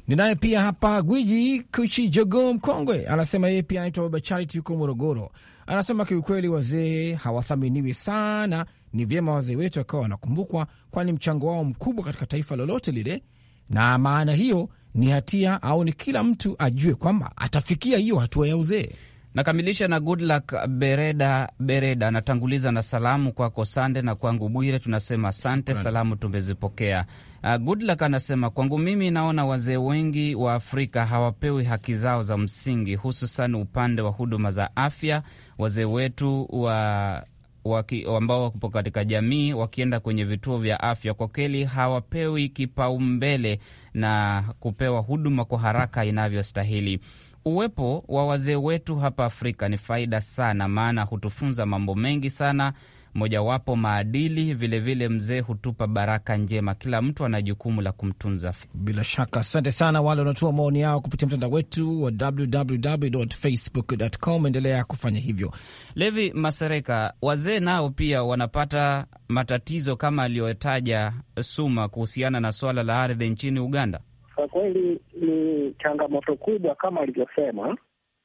Ninaye pia hapa Gwiji Kuchi Jogo mkongwe anasema yeye pia anaitwa Baba Charity, yuko Morogoro. Anasema kiukweli, wazee hawathaminiwi sana, ni vyema wazee wetu wakawa wanakumbukwa, kwani mchango wao mkubwa katika taifa lolote lile, na maana hiyo ni hatia au ni kila mtu ajue kwamba atafikia hiyo hatua ya uzee. Nakamilisha na Goodluck Bereda Bereda anatanguliza na salamu kwako Sande na kwangu Bwire, tunasema asante, salamu tumezipokea. Uh, good anasema kwangu mimi naona wazee wengi wa Afrika hawapewi haki zao za msingi, hususan upande wa huduma za afya. Wazee wetu wa waki, ambao wapo katika jamii wakienda kwenye vituo vya afya, kwa kweli hawapewi kipaumbele na kupewa huduma kwa haraka inavyostahili. Uwepo wa wazee wetu hapa Afrika ni faida sana, maana hutufunza mambo mengi sana, mojawapo maadili. Vilevile mzee hutupa baraka njema, kila mtu ana jukumu la kumtunza. Bila shaka, asante sana wale wanaotoa maoni yao kupitia mtandao wetu wa www.facebook.com. Endelea kufanya hivyo. Levi Masereka, wazee nao pia wanapata matatizo kama aliyotaja Suma kuhusiana na swala la ardhi nchini Uganda. Kwa kweli ni changamoto kubwa kama alivyosema.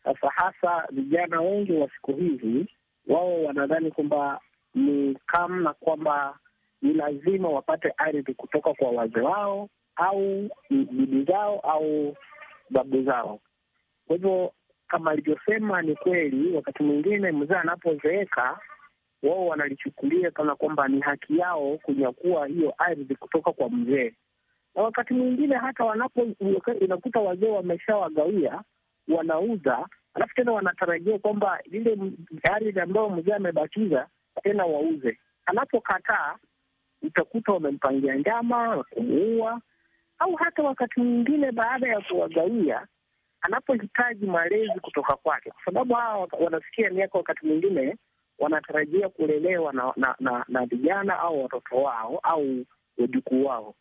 Sasa hasa vijana wengi wa siku hizi, wao wanadhani kwamba ni kama kwamba ni lazima wapate ardhi kutoka kwa wazee wao au bibi zao au babu zao. Kwa hivyo kama alivyosema, ni kweli, wakati mwingine mzee anapozeeka, wao wanalichukulia kana kwamba ni haki yao kunyakua hiyo ardhi kutoka kwa mzee na wakati mwingine hata wanapo, unakuta wazee wameshawagawia wanauza, alafu tena wanatarajia kwamba lile ardhi ambayo mzee amebakiza tena wauze. Anapokataa utakuta wamempangia njama, kumuua au hata wakati mwingine baada ya kuwagawia anapohitaji malezi kutoka kwake, kwa sababu hawa wanafikia miaka, wakati mwingine wanatarajia kulelewa na na vijana na, na au watoto wao au wajukuu wao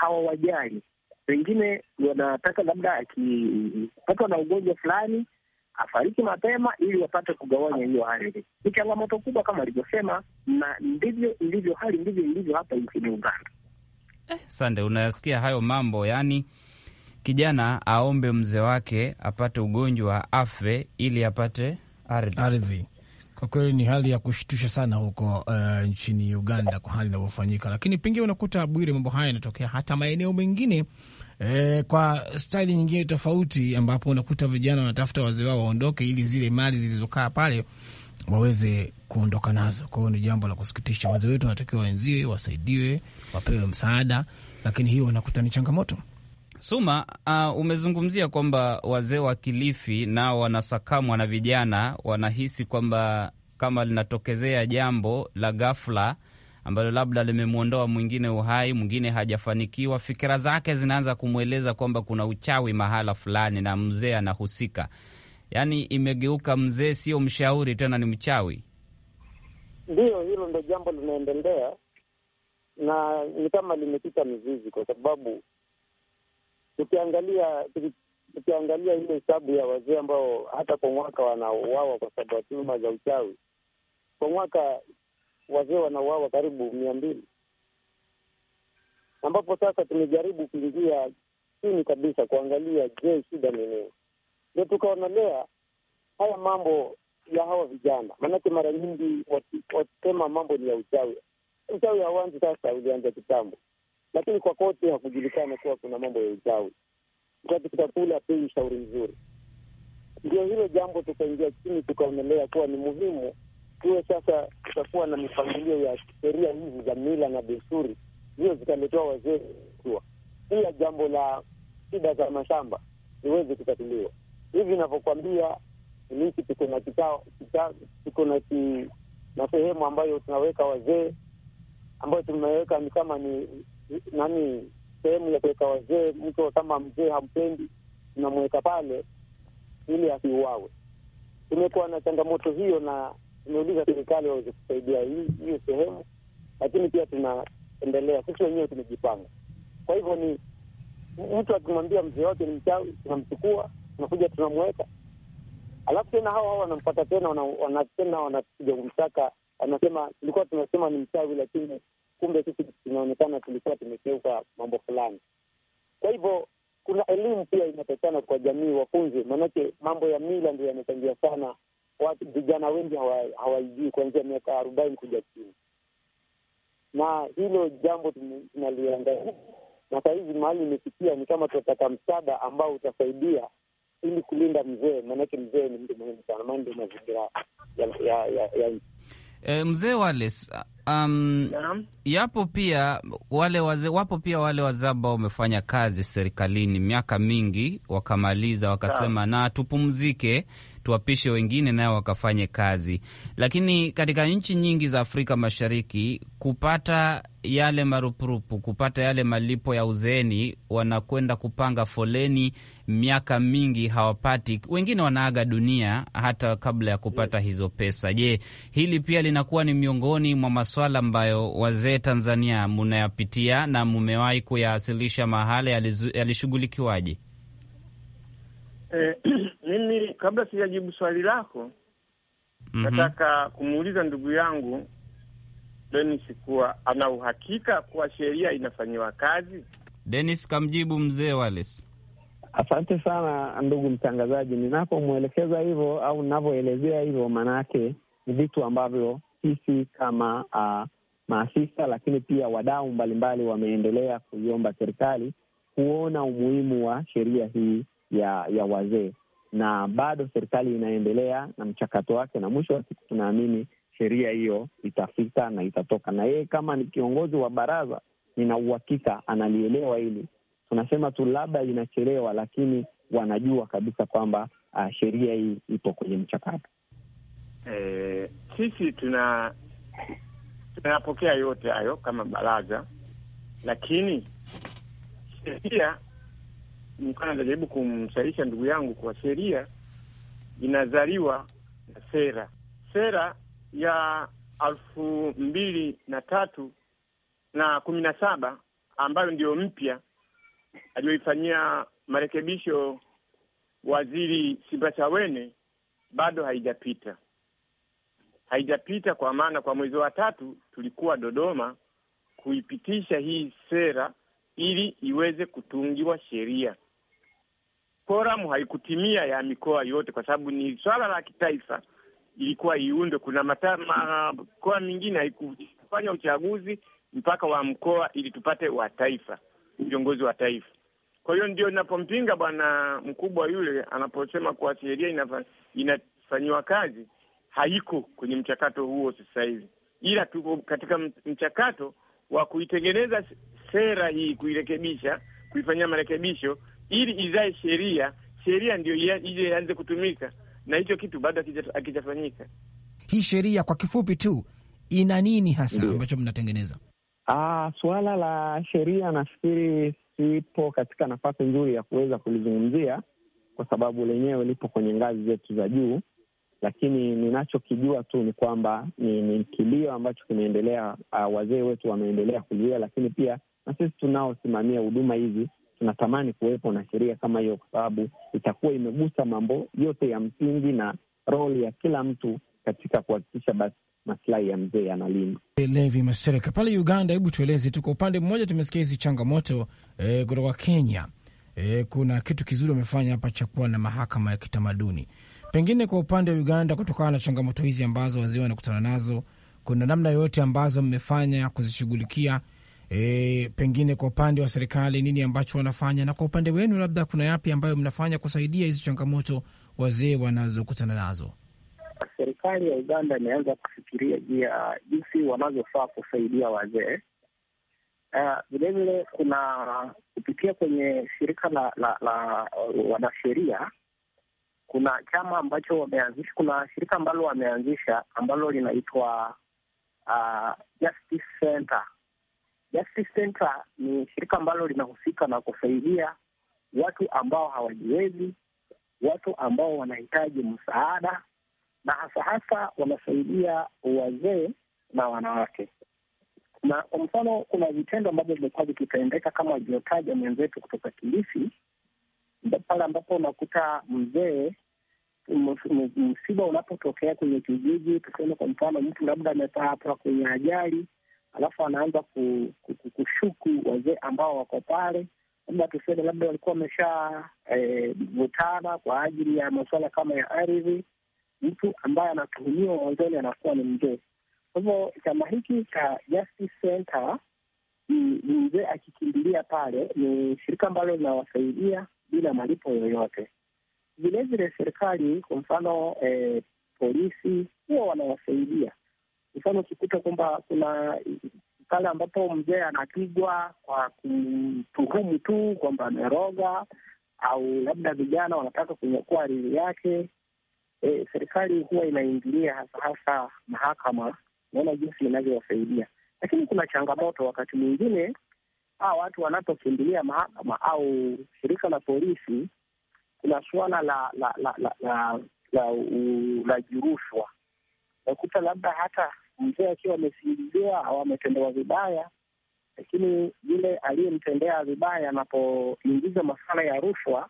hawawajali. Wengine wanataka labda akipatwa na ugonjwa fulani afariki mapema ili wapate kugawanya hiyo ardhi. Ni changamoto kubwa kama alivyosema, na ndivyo ilivyo hali, ndivyo ilivyo hapa nchini Uganda. Eh, sande, unayasikia hayo mambo yani kijana aombe mzee wake apate ugonjwa afe ili apate ardhi. Kwa kweli ni hali ya kushtusha sana huko uh, nchini Uganda kwa hali inavyofanyika, lakini pengine unakuta Bwire, mambo haya yanatokea hata maeneo mengine eh, kwa staili nyingine tofauti, ambapo unakuta vijana wanatafuta wazee wao waondoke ili zile mali zilizokaa pale waweze kuondoka nazo. Kwa hiyo ni jambo la kusikitisha. Wazee wetu wanatakiwa waenziwe, wasaidiwe, wapewe msaada, lakini hiyo unakuta ni changamoto. Suma, uh, umezungumzia kwamba wazee wa Kilifi nao wanasakamwa na vijana, wanahisi kwamba kama linatokezea jambo la ghafla ambalo labda limemwondoa mwingine uhai, mwingine hajafanikiwa, fikira zake zinaanza kumweleza kwamba kuna uchawi mahala fulani na mzee anahusika. Yaani imegeuka mzee sio mshauri tena, ni mchawi. Ndiyo, hilo ndo jambo linaendelea na ni kama limepita mizizi, kwa sababu tukiangalia tukiangalia ile hesabu ya wazee ambao hata kwa mwaka wanauawa kwa sababu ya tuhuma za uchawi, kwa mwaka wazee wanauawa karibu mia mbili, ambapo sasa tumejaribu kuingia chini kabisa kuangalia, je, shida ni nini? Ndio tukaonelea haya mambo ya hawa vijana, maanake mara nyingi wakisema mambo ni ya uchawi. Uchawi hauanzi sasa, ulianza kitambo lakini kwa kote hakujulikana kuwa kuna mambo ya uchawi. Wakati tutakula pei ushauri mzuri, ndio hilo jambo, tukaingia chini tukaonelea kuwa ni muhimu tuwe sasa, tutakuwa na mipangilio ya sheria hizi za mila na desturi, hiyo zitaletewa wazee, kuwa kila jambo la shida za mashamba liweze kutatuliwa. Hivi inavyokwambia nchi tuko na tuko na ki, na sehemu ambayo tunaweka wazee ambayo tumeweka ni kama ni nani sehemu ya kuweka wazee, mtu kama mzee hampendi, tunamweka pale ili asiuawe. Tumekuwa na changamoto hiyo, na tumeuliza serikali waweze kusaidia hiyo sehemu, lakini pia tunaendelea sisi wenyewe, tumejipanga. Kwa hivyo ni mtu akimwambia mzee wake ni mchawi, tunamchukua tunakuja, tunamweka, alafu tena hawa hawa wanampata tena, wanatena wanakuja kumsaka, wanasema tulikuwa tunasema ni mchawi, lakini kumbe sisi tunaonekana tulikuwa tumekeuka mambo fulani. Kwa hivyo kuna elimu pia inatakikana kwa jamii wafunzi maanake mambo ya mila ndio yanachangia sana, watu vijana wengi hawaijui kuanzia miaka arobaini kuja chini, na hilo jambo tunaliangalia na saa hizi mahali imefikia ni kama tunataka msaada ambao utasaidia ili kulinda mzee, maanake mzee ni mtu muhimu sana, maana ndio mazingira ya, ya, ya, ya. E, mzee Wales, Um, yapo pia wale waze, wapo pia wale wazaba wamefanya kazi serikalini miaka mingi wakamaliza wakasema Naam. na tupumzike tuwapishe wengine nao wakafanye kazi, lakini katika nchi nyingi za Afrika Mashariki kupata yale marupurupu, kupata yale malipo ya uzeeni, wanakwenda kupanga foleni miaka mingi hawapati, wengine wanaaga dunia hata kabla ya kupata hizo pesa. Je, hili pia linakuwa ni miongoni mwa maswala ambayo wazee Tanzania munayapitia na mumewahi kuyawasilisha mahala, yalishughulikiwaje? Eh, mimi kabla sijajibu swali lako mm -hmm. nataka kumuuliza ndugu yangu Dennis kuwa ana uhakika kuwa sheria inafanyiwa kazi. Dennis kamjibu mzee Wales. Asante sana ndugu mtangazaji, ninapomwelekeza hivyo au ninavyoelezea hivyo, maana yake ni vitu ambavyo sisi kama uh, maafisa lakini pia wadau mbalimbali wameendelea kuiomba serikali kuona umuhimu wa sheria hii ya ya wazee, na bado serikali inaendelea na mchakato wake, na mwisho wa siku tunaamini sheria hiyo itafika na itatoka. Na yeye kama ni kiongozi wa baraza, nina uhakika analielewa hili. Tunasema tu labda inachelewa, lakini wanajua kabisa kwamba uh, sheria hii ipo kwenye mchakato. E, sisi tuna tunayapokea yote hayo kama baraza, lakini sheria nilikuwa najaribu kumsaidisha ndugu yangu kwa sheria inazaliwa na sera. Sera ya elfu mbili na tatu na kumi na saba ambayo ndiyo mpya aliyoifanyia marekebisho waziri Simbachawene bado haijapita haijapita kwa maana, kwa mwezi wa tatu tulikuwa Dodoma kuipitisha hii sera ili iweze kutungiwa sheria. Forum haikutimia ya mikoa yote, kwa sababu ni swala la kitaifa, ilikuwa iundwe. Kuna mikoa mingine haikufanya uchaguzi mpaka wa mkoa, ili tupate wa taifa, viongozi wa taifa. Kwa hiyo ndio inapompinga bwana mkubwa yule anaposema kuwa sheria inafanyiwa kazi haiko kwenye mchakato huo sasa hivi, ila tuko katika mchakato wa kuitengeneza sera hii, kuirekebisha, kuifanyia marekebisho ili izae sheria, sheria ndio ije ianze kutumika, na hicho kitu bado hakijafanyika. Hii sheria kwa kifupi tu ina nini hasa ambacho mnatengeneza? Ah, suala la sheria nafikiri sipo katika nafasi nzuri ya kuweza kulizungumzia kwa sababu lenyewe lipo kwenye ngazi zetu za juu, lakini ninachokijua tu ni kwamba ni, ni kilio ambacho kimeendelea. Uh, wazee wetu wameendelea kulia, lakini pia na sisi tunaosimamia huduma hizi tunatamani kuwepo na sheria kama hiyo, kwa sababu itakuwa imegusa mambo yote ya msingi na roli ya kila mtu katika kuhakikisha basi masilahi ya mzee yanalindwa. Levi Masereka pale Uganda, hebu tueleze tu kwa upande mmoja, tumesikia hizi changamoto eh, kutoka Kenya. Eh, kuna kitu kizuri wamefanya hapa cha kuwa na mahakama ya kitamaduni Pengine kwa upande wa Uganda, kutokana na changamoto hizi ambazo wazee wanakutana nazo, kuna namna yoyote ambazo mmefanya kuzishughulikia? E, pengine kwa upande wa serikali nini ambacho wanafanya, na kwa upande wenu labda kuna yapi ambayo mnafanya kusaidia hizi changamoto wazee wanazokutana nazo? Serikali ya Uganda imeanza kufikiria juu ya jinsi wanavyofaa kusaidia wazee. Vilevile uh, kuna kupitia kwenye shirika la, la, la wanasheria kuna chama ambacho wameanzisha, kuna shirika ambalo wameanzisha ambalo linaitwa uh, Justice Center. Justice Center ni shirika ambalo linahusika na kusaidia watu ambao hawajiwezi, watu ambao wanahitaji msaada, na hasa hasa wanasaidia wazee na wanawake. Na kwa mfano, kuna vitendo ambavyo vimekuwa vikitendeka kama alivyotaja mwenzetu kutoka Kilifi pale ambapo unakuta mzee, msiba unapotokea kwenye kijiji, tuseme kwa mfano, mtu labda amepatwa kwenye ajali, alafu anaanza kushuku wazee ambao wako pale labda tuseme labda walikuwa wameshavutana eh, e, kwa ajili ya masuala kama ya ardhi. Mtu ambaye anatuhumiwa mwanzoni anakuwa ni mzee. Kwa hivyo chama hiki cha Justice Center ni mzee akikimbilia pale, ni shirika ambalo linawasaidia bila malipo yoyote. Vilevile serikali kwa mfano eh, polisi huwa wanawasaidia. Mfano ukikuta kwamba kuna pale ambapo mzee anapigwa kwa kumtuhumu tu kwamba ameroga au labda vijana wanataka kunyakua riri yake, eh, serikali huwa inaingilia hasa hasa mahakama, naona jinsi inavyowasaidia. Lakini kuna changamoto wakati mwingine hawa watu wanapokimbilia mahakama au shirika la polisi, kuna suala la la la la la la ulaji rushwa. Nakuta labda hata mzee akiwa amesingiziwa au ametendewa vibaya, lakini yule aliyemtendea vibaya anapoingiza masuala ya rushwa,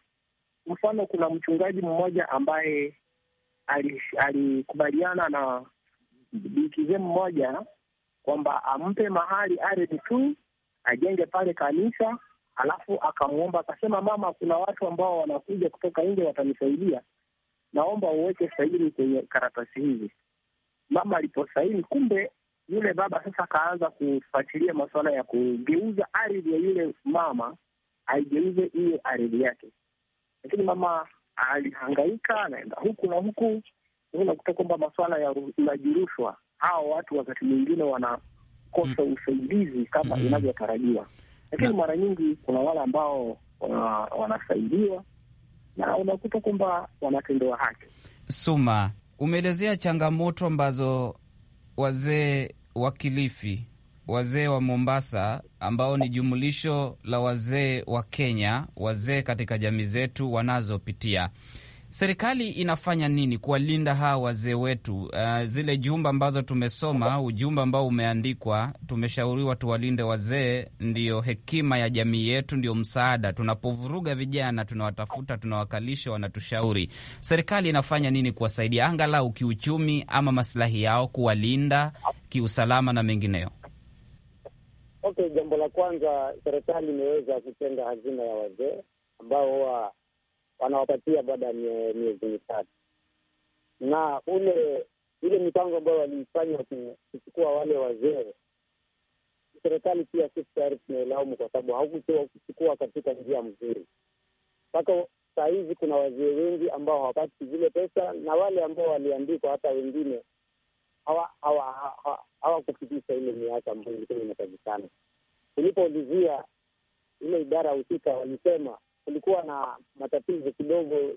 mfano kuna mchungaji mmoja ambaye alikubaliana ali na bikizee mmoja kwamba ampe mahali ardhi tu ajenge pale kanisa, alafu akamwomba akasema, mama, kuna watu ambao wanakuja kutoka nje watanisaidia, naomba uweke saini kwenye karatasi hizi. Mama aliposaini, kumbe yule baba sasa akaanza kufuatilia masuala ya kugeuza ardhi ya yule mama aigeuze hiyo ardhi yake, lakini mama alihangaika, anaenda huku na huku, unakuta kwamba masuala ya ulaji rushwa, hao watu wakati mwingine wana kukosa mm. usaidizi kama mm inavyotarajiwa, lakini mara nyingi kuna wale ambao uh, wanasaidiwa na unakuta kwamba wanatendewa haki. Suma, umeelezea changamoto ambazo wazee wa Kilifi, wazee wa Mombasa ambao ni jumulisho la wazee wa Kenya, wazee katika jamii zetu wanazopitia. Serikali inafanya nini kuwalinda hawa wazee wetu? Uh, zile jumba ambazo tumesoma, ujumbe ambao umeandikwa, tumeshauriwa tuwalinde wazee. Ndiyo hekima ya jamii yetu, ndio msaada. Tunapovuruga vijana, tunawatafuta, tunawakalisha, wanatushauri. Serikali inafanya nini kuwasaidia angalau kiuchumi, ama masilahi yao, kuwalinda kiusalama na mengineyo? Okay, jambo la kwanza, serikali imeweza kutenga hazina ya wazee ambao huwa wanawapatia baada ya miezi mitatu, na ule ile mipango ambayo waliifanya kuchukua wale wazee, serikali pia sisi tayari tunailaumu kwa sababu haukuchukua katika njia mzuri. Mpaka saa hizi kuna wazee wengi ambao hawapati zile pesa, na wale ambao waliandikwa hata wengine hawakufikisha ile miaka ambayo ilikuwa inatakikana. kulipoulizia ile idara husika, walisema kulikuwa na matatizo kidogo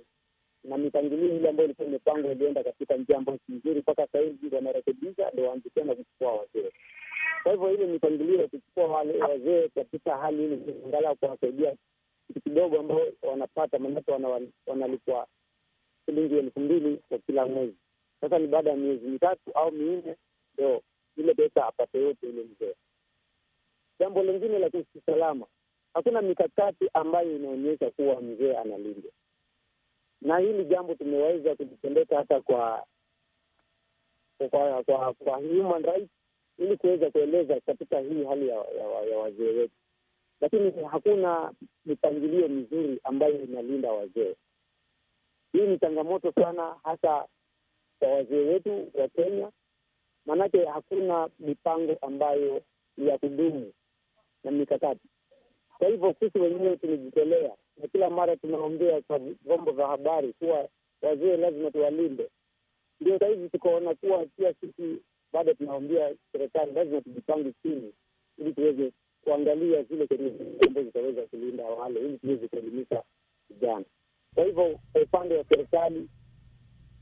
na mipangilio ile ambayo ilikuwa imepangwa ilienda katika njia ambayo si nzuri. Mpaka saa hizi wanarekebisha, ndo waanze tena kuchukua wazee. Kwa hivyo ile mipangilio ya kuchukua wale wazee katika hali ile, angalau kuwasaidia kitu kidogo ambao wanapata, manake wanalipwa shilingi elfu mbili kwa kila mwezi. Sasa ni baada ya miezi mitatu au minne, ndo ile pesa apate yote ile mzee. Jambo lingine la kiusalama hakuna mikakati ambayo inaonyesha kuwa mzee analindwa, na hili jambo tumeweza kulipeleka hata kwa kwa, kwa, kwa human rights ili kuweza kueleza katika hii hali ya, ya, ya wazee wetu, lakini hakuna mipangilio mizuri ambayo inalinda wazee. Hii ni changamoto sana, hasa kwa wazee wetu wa Kenya, maanake hakuna mipango ambayo ya kudumu na mikakati kwa hivyo sisi wenyewe tumejitolea na kila mara tunaombea kwa vyombo vya habari kuwa wazee lazima tuwalinde. Ndio sahizi tukaona kuwa pia sisi bado tunaombea serikali lazima tujipange chini, ili tuweze kuangalia zile ambazo zitaweza kulinda wale, ili tuweze kuelimisha vijana. Kwa hivyo kwa upande wa serikali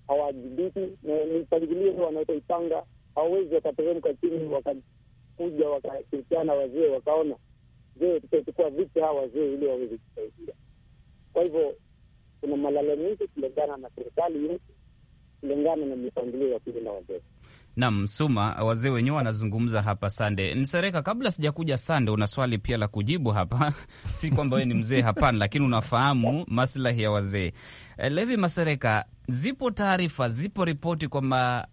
hawajibiki na mipangilio wanaoipanga, hawawezi wakateremka chini wakakuja wakashirikiana wazee wakaona je, tutachukua vipi hawa wazee ili waweze kusaidia? Kwa hivyo kuna malala kulingana na serikali yetu, kulingana na mipangilio ya kulinda wazee. nam Suma, wazee wenyewe wanazungumza hapa. Sande Nsereka, kabla sijakuja Sande, una swali pia la kujibu hapa si kwamba wewe ni mzee, hapana, lakini unafahamu maslahi ya wazee. Eh, Levi Masereka, zipo taarifa, zipo ripoti kwamba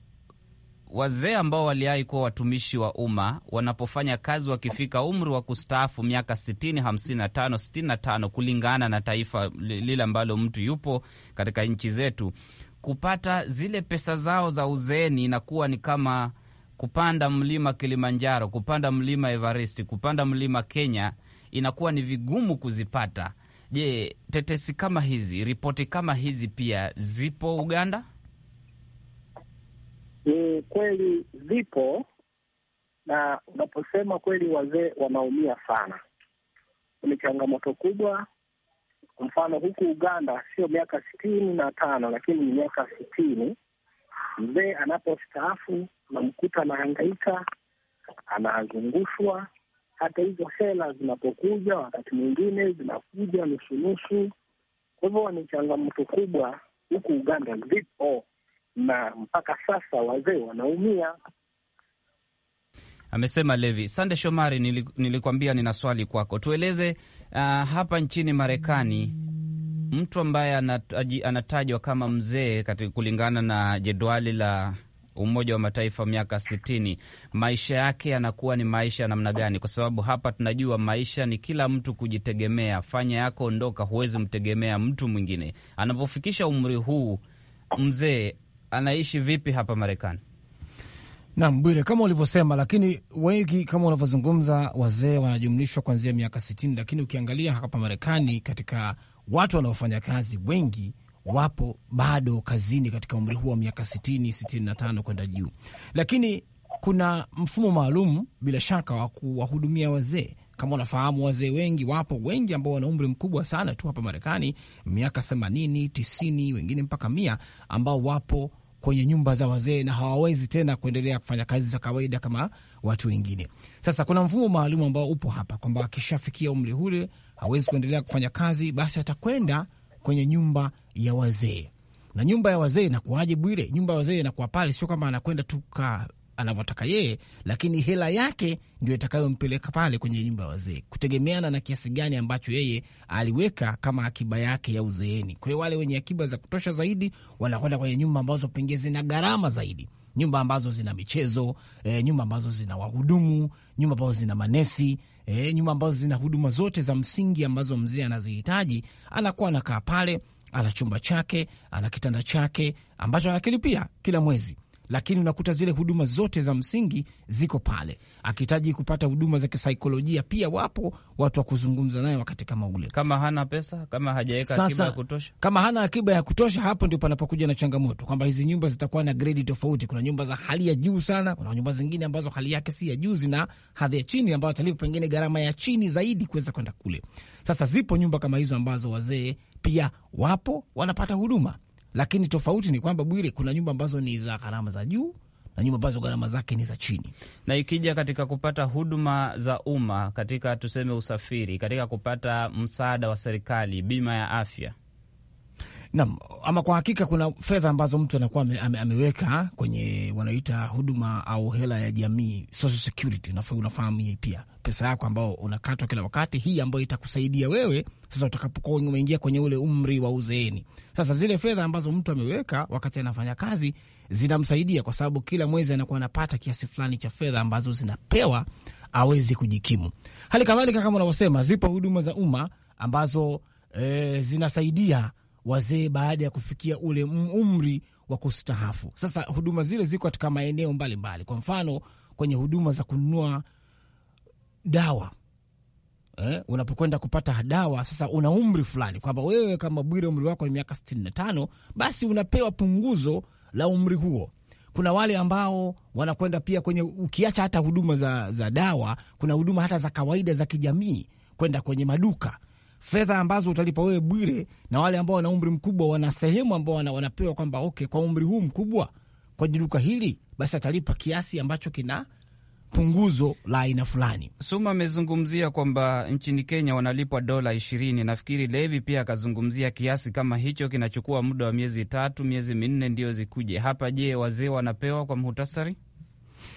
wazee ambao waliai kuwa watumishi wa umma wanapofanya kazi wakifika umri wa kustaafu miaka 60, 55, 65 kulingana na taifa lile ambalo mtu yupo katika nchi zetu, kupata zile pesa zao za uzeeni inakuwa ni kama kupanda mlima Kilimanjaro, kupanda mlima Everest, kupanda mlima Kenya, inakuwa ni vigumu kuzipata. Je, tetesi kama hizi, ripoti kama hizi pia zipo Uganda? Ni kweli zipo, na unaposema kweli, wazee wanaumia sana. Ni changamoto kubwa. Kwa mfano huku Uganda sio miaka sitini na tano lakini ni miaka sitini. Mzee anapostaafu namkuta anahangaika, anazungushwa. Hata hizo hela zinapokuja, wakati mwingine zinakuja nusunusu. Kwa hivyo ni changamoto kubwa huku Uganda, zipo na mpaka sasa wazee wanaumia. Amesema Levi Sande Shomari. Nilikuambia nina swali kwako, tueleze uh, hapa nchini Marekani mtu ambaye anatajwa kama mzee kulingana na jedwali la Umoja wa Mataifa miaka sitini, maisha yake yanakuwa ni maisha ya namna gani? Kwa sababu hapa tunajua maisha ni kila mtu kujitegemea, fanya yako, ondoka, huwezi mtegemea mtu mwingine. Anapofikisha umri huu mzee anaishi vipi hapa Marekani? Nam Bwire, kama ulivyosema, lakini wengi kama unavyozungumza, wazee wanajumlishwa kuanzia miaka sitini, lakini ukiangalia hapa Marekani katika watu wanaofanya kazi wengi wapo bado kazini katika umri huo wa miaka sitini, sitini na tano kwenda juu, lakini kuna mfumo maalum bila shaka wa kuwahudumia wazee. Kama unafahamu, wazee wengi wapo wengi ambao wana umri mkubwa sana tu hapa Marekani, miaka themanini, tisini, wengine mpaka mia, ambao wapo kwenye nyumba za wazee na hawawezi tena kuendelea kufanya kazi za kawaida kama watu wengine. Sasa kuna mfumo maalum ambao upo hapa kwamba akishafikia umri ule hawezi kuendelea kufanya kazi, basi atakwenda kwenye nyumba ya wazee. Na nyumba ya wazee inakuwaje, Bwire? Nyumba ya wazee inakuwa pale, sio kama anakwenda tu ka anavyotaka yeye, lakini hela yake ndio itakayompeleka pale kwenye nyumba ya wazee, kutegemeana na kiasi gani ambacho yeye aliweka kama akiba yake ya uzeeni. Kwa hiyo wale wenye akiba za kutosha zaidi wanakwenda kwenye nyumba ambazo pengine zina gharama zaidi, nyumba ambazo zina michezo e, nyumba ambazo zina wahudumu, nyumba ambazo zina manesi e, nyumba ambazo zina huduma zote za msingi ambazo mzee anazihitaji. Anakuwa anakaa pale, ana chumba chake, ana kitanda chake ambacho anakilipia kila mwezi lakini unakuta zile huduma zote za msingi ziko pale. Akihitaji kupata huduma za kisaikolojia, pia wapo watu wa kuzungumza naye wakati kama ule. Kama hana pesa, kama hajaweka akiba ya kutosha, kama hana akiba ya kutosha, hapo ndio panapokuja na changamoto kwamba hizi nyumba zitakuwa na gredi tofauti. Kuna nyumba za hali ya juu sana, kuna nyumba zingine ambazo hali yake si ya juu, zina hadhi ya chini, ambayo atalipa pengine gharama ya chini zaidi kuweza kwenda kule. Sasa zipo nyumba kama hizo ambazo wazee pia wapo wanapata huduma lakini tofauti ni kwamba Bwire, kuna nyumba ambazo ni za gharama za juu na nyumba ambazo gharama zake ni za chini. Na ikija katika kupata huduma za umma, katika tuseme usafiri, katika kupata msaada wa serikali, bima ya afya Naam, ama kwa hakika kuna fedha ambazo mtu anakuwa ame, ameweka kwenye wanaita huduma au hela ya jamii, social security, na unafahamu hii pia, pesa yako ambayo unakatwa kila wakati, hii ambayo itakusaidia wewe sasa utakapokuwa umeingia kwenye ule umri wa uzeeni. Sasa zile fedha ambazo mtu ameweka wakati anafanya kazi zinamsaidia, kwa sababu kila mwezi anakuwa anapata kiasi fulani cha fedha ambazo zinapewa aweze kujikimu. Hali kadhalika kama unavyosema, zipo huduma za umma ambazo e, zinasaidia wazee baada ya kufikia ule umri wa kustahafu. Sasa huduma zile ziko katika maeneo mbalimbali, kwa mfano kwenye huduma za kununua dawa eh, unapokwenda kupata dawa sasa, una umri fulani kwamba wewe kama Bwire umri wako ni miaka 65, basi unapewa punguzo la umri huo. Kuna wale ambao wanakwenda pia kwenye, ukiacha hata huduma za, za dawa, kuna huduma hata za kawaida za kijamii, kwenda kwenye maduka fedha ambazo utalipa wewe Bwire na wale ambao wana umri mkubwa wana sehemu ambao wanapewa kwamba okay, kwa umri huu mkubwa kwenye duka hili basi atalipa kiasi ambacho kina punguzo la aina fulani. Suma amezungumzia kwamba nchini Kenya wanalipwa dola ishirini. Nafikiri Levi pia akazungumzia kiasi kama hicho, kinachukua muda wa miezi tatu, miezi minne ndio zikuje hapa. Je, wazee wanapewa kwa muhtasari?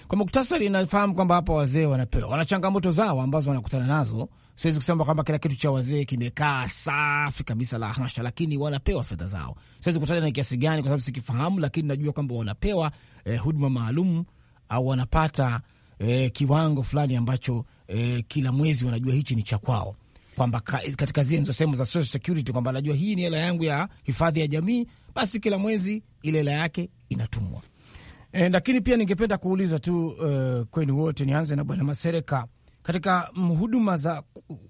Kwa muktasari, nafahamu kwamba hapa wazee wanapewa, wana changamoto zao ambazo wanakutana nazo siwezi kusema kwamba kila kitu cha wazee kimekaa safi kabisa, la hasha, lakini wanapewa fedha zao. Siwezi kutaja na kiasi gani, kwa sababu sikifahamu, lakini najua kwamba wanapewa eh, huduma maalum au wanapata eh, kiwango fulani ambacho eh, kila mwezi wanajua hichi ni cha kwao, kwamba katika zile nizo sehemu za social security, kwamba anajua hii ni hela yangu ya hifadhi ya jamii, basi kila mwezi ile hela yake inatumwa. E, lakini pia ningependa kuuliza tu uh, kwenu wote, nianze na Bwana Masereka katika huduma za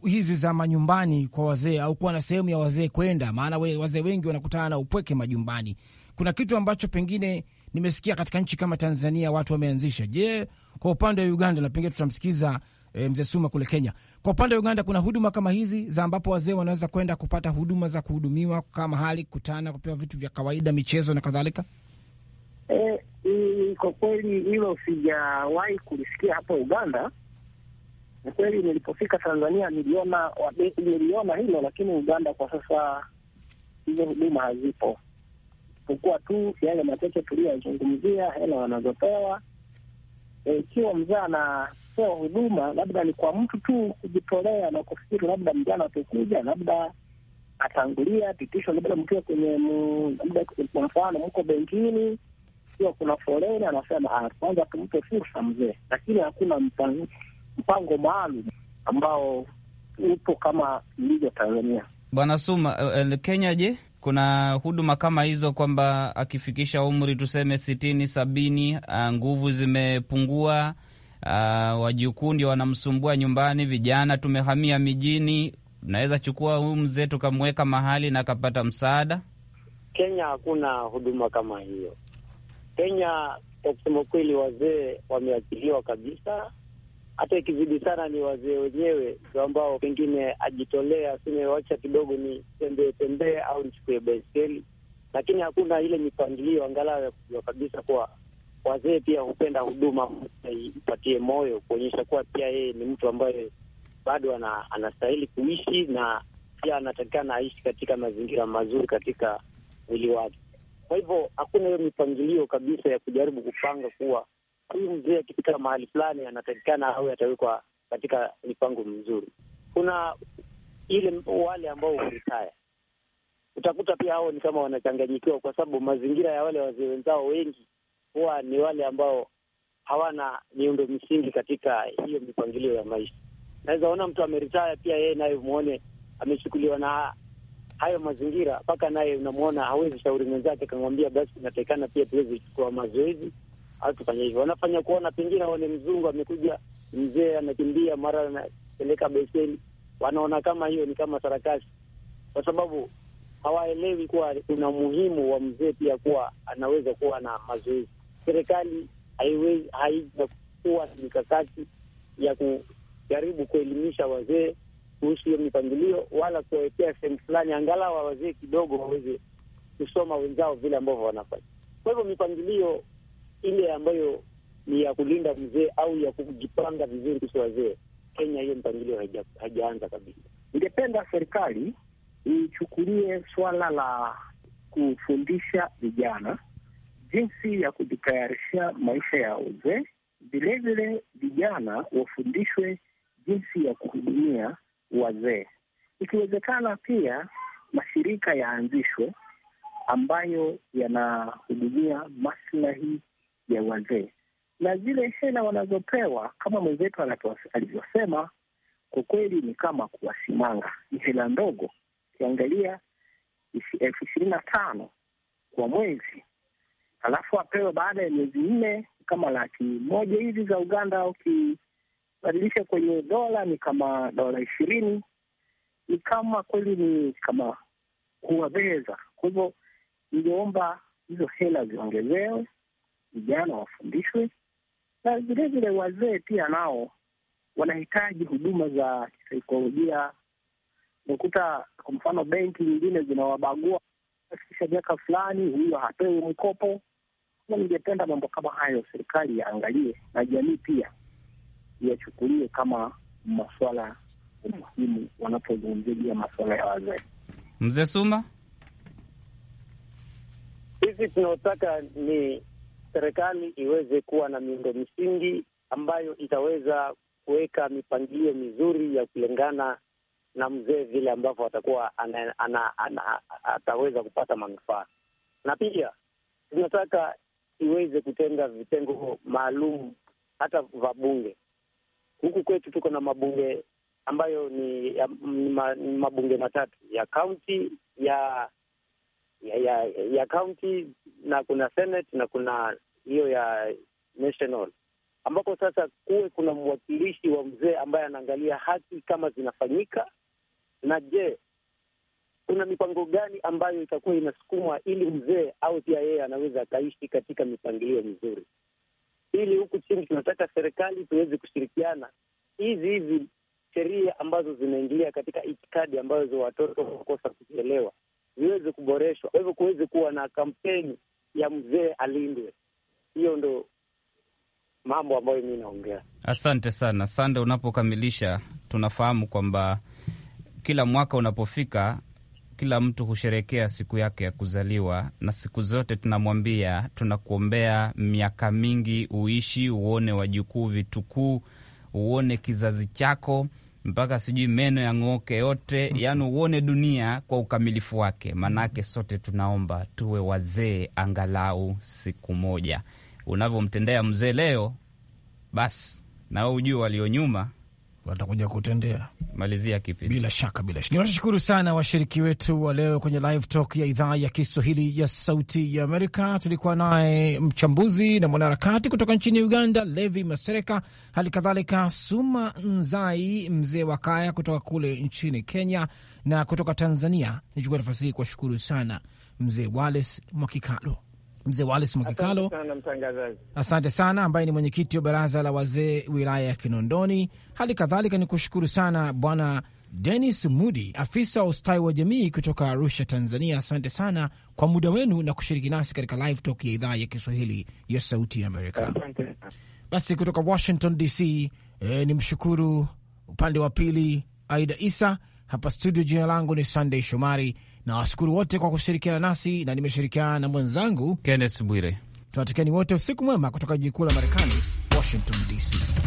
hizi za manyumbani kwa wazee au kuwa na sehemu ya wazee kwenda, maana we, wazee wengi wanakutana na upweke majumbani. Kuna kitu ambacho pengine nimesikia katika nchi kama Tanzania watu wameanzisha. Je, kwa upande wa Uganda na pengine tutamsikiza e, mzee Suma kule Kenya. Kwa upande wa Uganda kuna huduma kama hizi za ambapo wazee wanaweza kwenda kupata huduma za kuhudumiwa, kama hali kukutana, kupewa vitu vya kawaida, michezo na kadhalika. E, kwa kweli hilo sijawahi kulisikia hapa Uganda ni kweli nilipofika Tanzania niliona niliona hilo, lakini Uganda kwa sasa hizo huduma hazipo, isipokuwa tu yale machache tuliyozungumzia, hela wanazopewa. E, ikiwa e, mzaa anapewa huduma, labda ni kwa mtu tu kujitolea na kufikiri labda mjana atakuja, labda atangulia pitisho, labda mkiwa kwenye labda, kwa mfano mko benkini kiwa kuna foleni, anasema ah, kwanza tumpe fursa mzee, lakini hakuna mpango mpango maalum ambao upo kama ilivyo Tanzania. Bwana Suma, eh, eh, Kenya je, kuna huduma kama hizo kwamba akifikisha umri tuseme sitini sabini, ah, nguvu zimepungua, ah, wajukuu ndio wanamsumbua nyumbani, vijana tumehamia mijini, naweza chukua huyu mzee tukamweka mahali na akapata msaada? Kenya hakuna huduma kama hiyo. Kenya kwa kusema kweli, wazee wameachiliwa kabisa hata ikizidi sana ni wazee wenyewe ndio ambao pengine ajitolea, simewacha kidogo ni tembee tembee au nichukue baiskeli, lakini hakuna ile mipangilio angalau ya kujua kabisa kuwa wazee pia hupenda huduma, ipatie moyo, kuonyesha kuwa pia yeye ni mtu ambaye bado ana, anastahili kuishi na pia anatakikana aishi katika mazingira mazuri katika mwili wake. Kwa hivyo hakuna hiyo mipangilio kabisa ya kujaribu kupanga kuwa huyu mzee akifika mahali fulani anatakikana au atawekwa katika mipango mzuri Kuna ile wale ambao waritaya, utakuta pia hao ni kama wanachanganyikiwa, kwa sababu mazingira ya wale wazee wenzao wengi huwa ni wale ambao hawana miundo misingi katika hiyo mipangilio ya maisha. Naweza ona mtu ameritaya pia yeye naye umwone amechukuliwa na hayo mazingira, mpaka naye unamwona hawezi shauri mwenzake, akamwambia basi, inatakikana pia tuweze kuchukua mazoezi asifanye hivyo. Wanafanya kuona pengine aone mzungu amekuja, mzee anakimbia, mara anapeleka beseni, Wanaona kama hiyo ni kama sarakasi, kwa sababu hawaelewi kuwa kuna umuhimu wa mzee pia kuwa anaweza kuwa na mazoezi. Serikali haiwezi haijakuwa na mikakati ya kujaribu kuelimisha wazee kuhusu hiyo mipangilio, wala kuwawekea sehemu fulani, angalau wazee kidogo waweze kusoma wenzao vile ambavyo wanafanya. Kwa hivyo mipangilio ile ambayo ni ya kulinda mzee au ya kujipanga vizuri kuhusu wazee, Kenya hiyo mpangilio haja, hajaanza kabisa. Ningependa serikali ichukulie swala la kufundisha vijana jinsi ya kujitayarishia maisha ya uzee. Vilevile vijana wafundishwe jinsi ya kuhudumia wazee. Ikiwezekana pia mashirika yaanzishwe ambayo yanahudumia maslahi ya wazee, na zile hela wanazopewa kama mwenzetu alivyosema, kwa kweli ni kama kuwasimanga. Ni hela ndogo, ukiangalia elfu ishirini na tano kwa mwezi, alafu apewe baada ya miezi nne kama laki moja hivi za Uganda. Ukibadilisha kwenye dola ni kama dola ishirini ni kama kweli ni kama kuwabeza. Kwa hivyo, ningeomba hizo hela ziongezewe vijana wafundishwe, na vilevile wazee pia nao wanahitaji huduma za kisaikolojia. Unakuta kwa mfano benki nyingine zinawabagua, kisha miaka fulani huyo hapewi mkopo. Na ningependa mambo kama hayo serikali yaangalie na jamii pia yachukulie kama maswala muhimu wanapozungumzia maswala ya wazee. Mzee Suma, sisi tunaotaka ni serikali iweze kuwa na miundo misingi ambayo itaweza kuweka mipangilio mizuri ya kulingana na mzee vile ambavyo atakuwa ana, ana, ana, ataweza kupata manufaa, na pia tunataka iweze kutenga vitengo maalum hata vya bunge. Huku kwetu tuko na mabunge ambayo ni, ya, ni, ma, ni mabunge matatu ya kaunti, ya ya ya county na kuna senate na kuna hiyo ya national, ambako sasa kuwe kuna mwakilishi wa mzee ambaye anaangalia haki kama zinafanyika, na je, kuna mipango gani ambayo itakuwa inasukumwa ili mzee au pia yeye anaweza akaishi katika mipangilio mizuri, ili huku chini tunataka serikali tuweze kushirikiana hizi hizi sheria ambazo zinaingilia katika itikadi ambazo watoto wakosa kuzielewa ziweze kuboreshwa. Kwa hivyo kuweze kuwa na kampeni ya mzee alindwe. Hiyo ndo mambo ambayo mi naongea. Asante sana Sande. Unapokamilisha, tunafahamu kwamba kila mwaka unapofika kila mtu husherekea siku yake ya kuzaliwa, na siku zote tunamwambia tunakuombea miaka mingi uishi, uone wajukuu vitukuu, uone kizazi chako mpaka sijui meno ya ng'oke yote mm -hmm. uone dunia kwa ukamilifu wake, maanake sote tunaomba tuwe wazee angalau siku moja. Unavyomtendea mzee leo, basi na we ujue walio nyuma watakuja kutendea malizia kipi. Bila shaka, bila shaka niwashukuru sana washiriki wetu wa leo kwenye live talk ya idhaa ya Kiswahili ya Sauti ya Amerika. Tulikuwa naye mchambuzi na mwanaharakati kutoka nchini Uganda, Levi Masereka, hali kadhalika Suma Nzai, mzee wa kaya kutoka kule nchini Kenya, na kutoka Tanzania nichukua nafasi hii kuwashukuru sana mzee Wales Mwakikalo. Mzee Wallace Mwakikalo, asante sana, ambaye ni mwenyekiti wa baraza la wazee wilaya ya Kinondoni. Hali kadhalika ni kushukuru sana bwana Denis Mudi, afisa wa ustawi wa jamii kutoka Arusha, Tanzania. Asante sana kwa muda wenu na kushiriki nasi katika live talk ya idhaa ya Kiswahili ya Sauti ya Amerika. Basi kutoka Washington DC, e, eh, ni mshukuru upande wa pili Aida Isa hapa studio. Jina langu ni sandey Shomari na washukuru wote kwa kushirikiana nasi, na nimeshirikiana na mwenzangu Kennes Bwire. Tunatakieni wote usiku mwema kutoka jiji kuu la Marekani, Washington DC.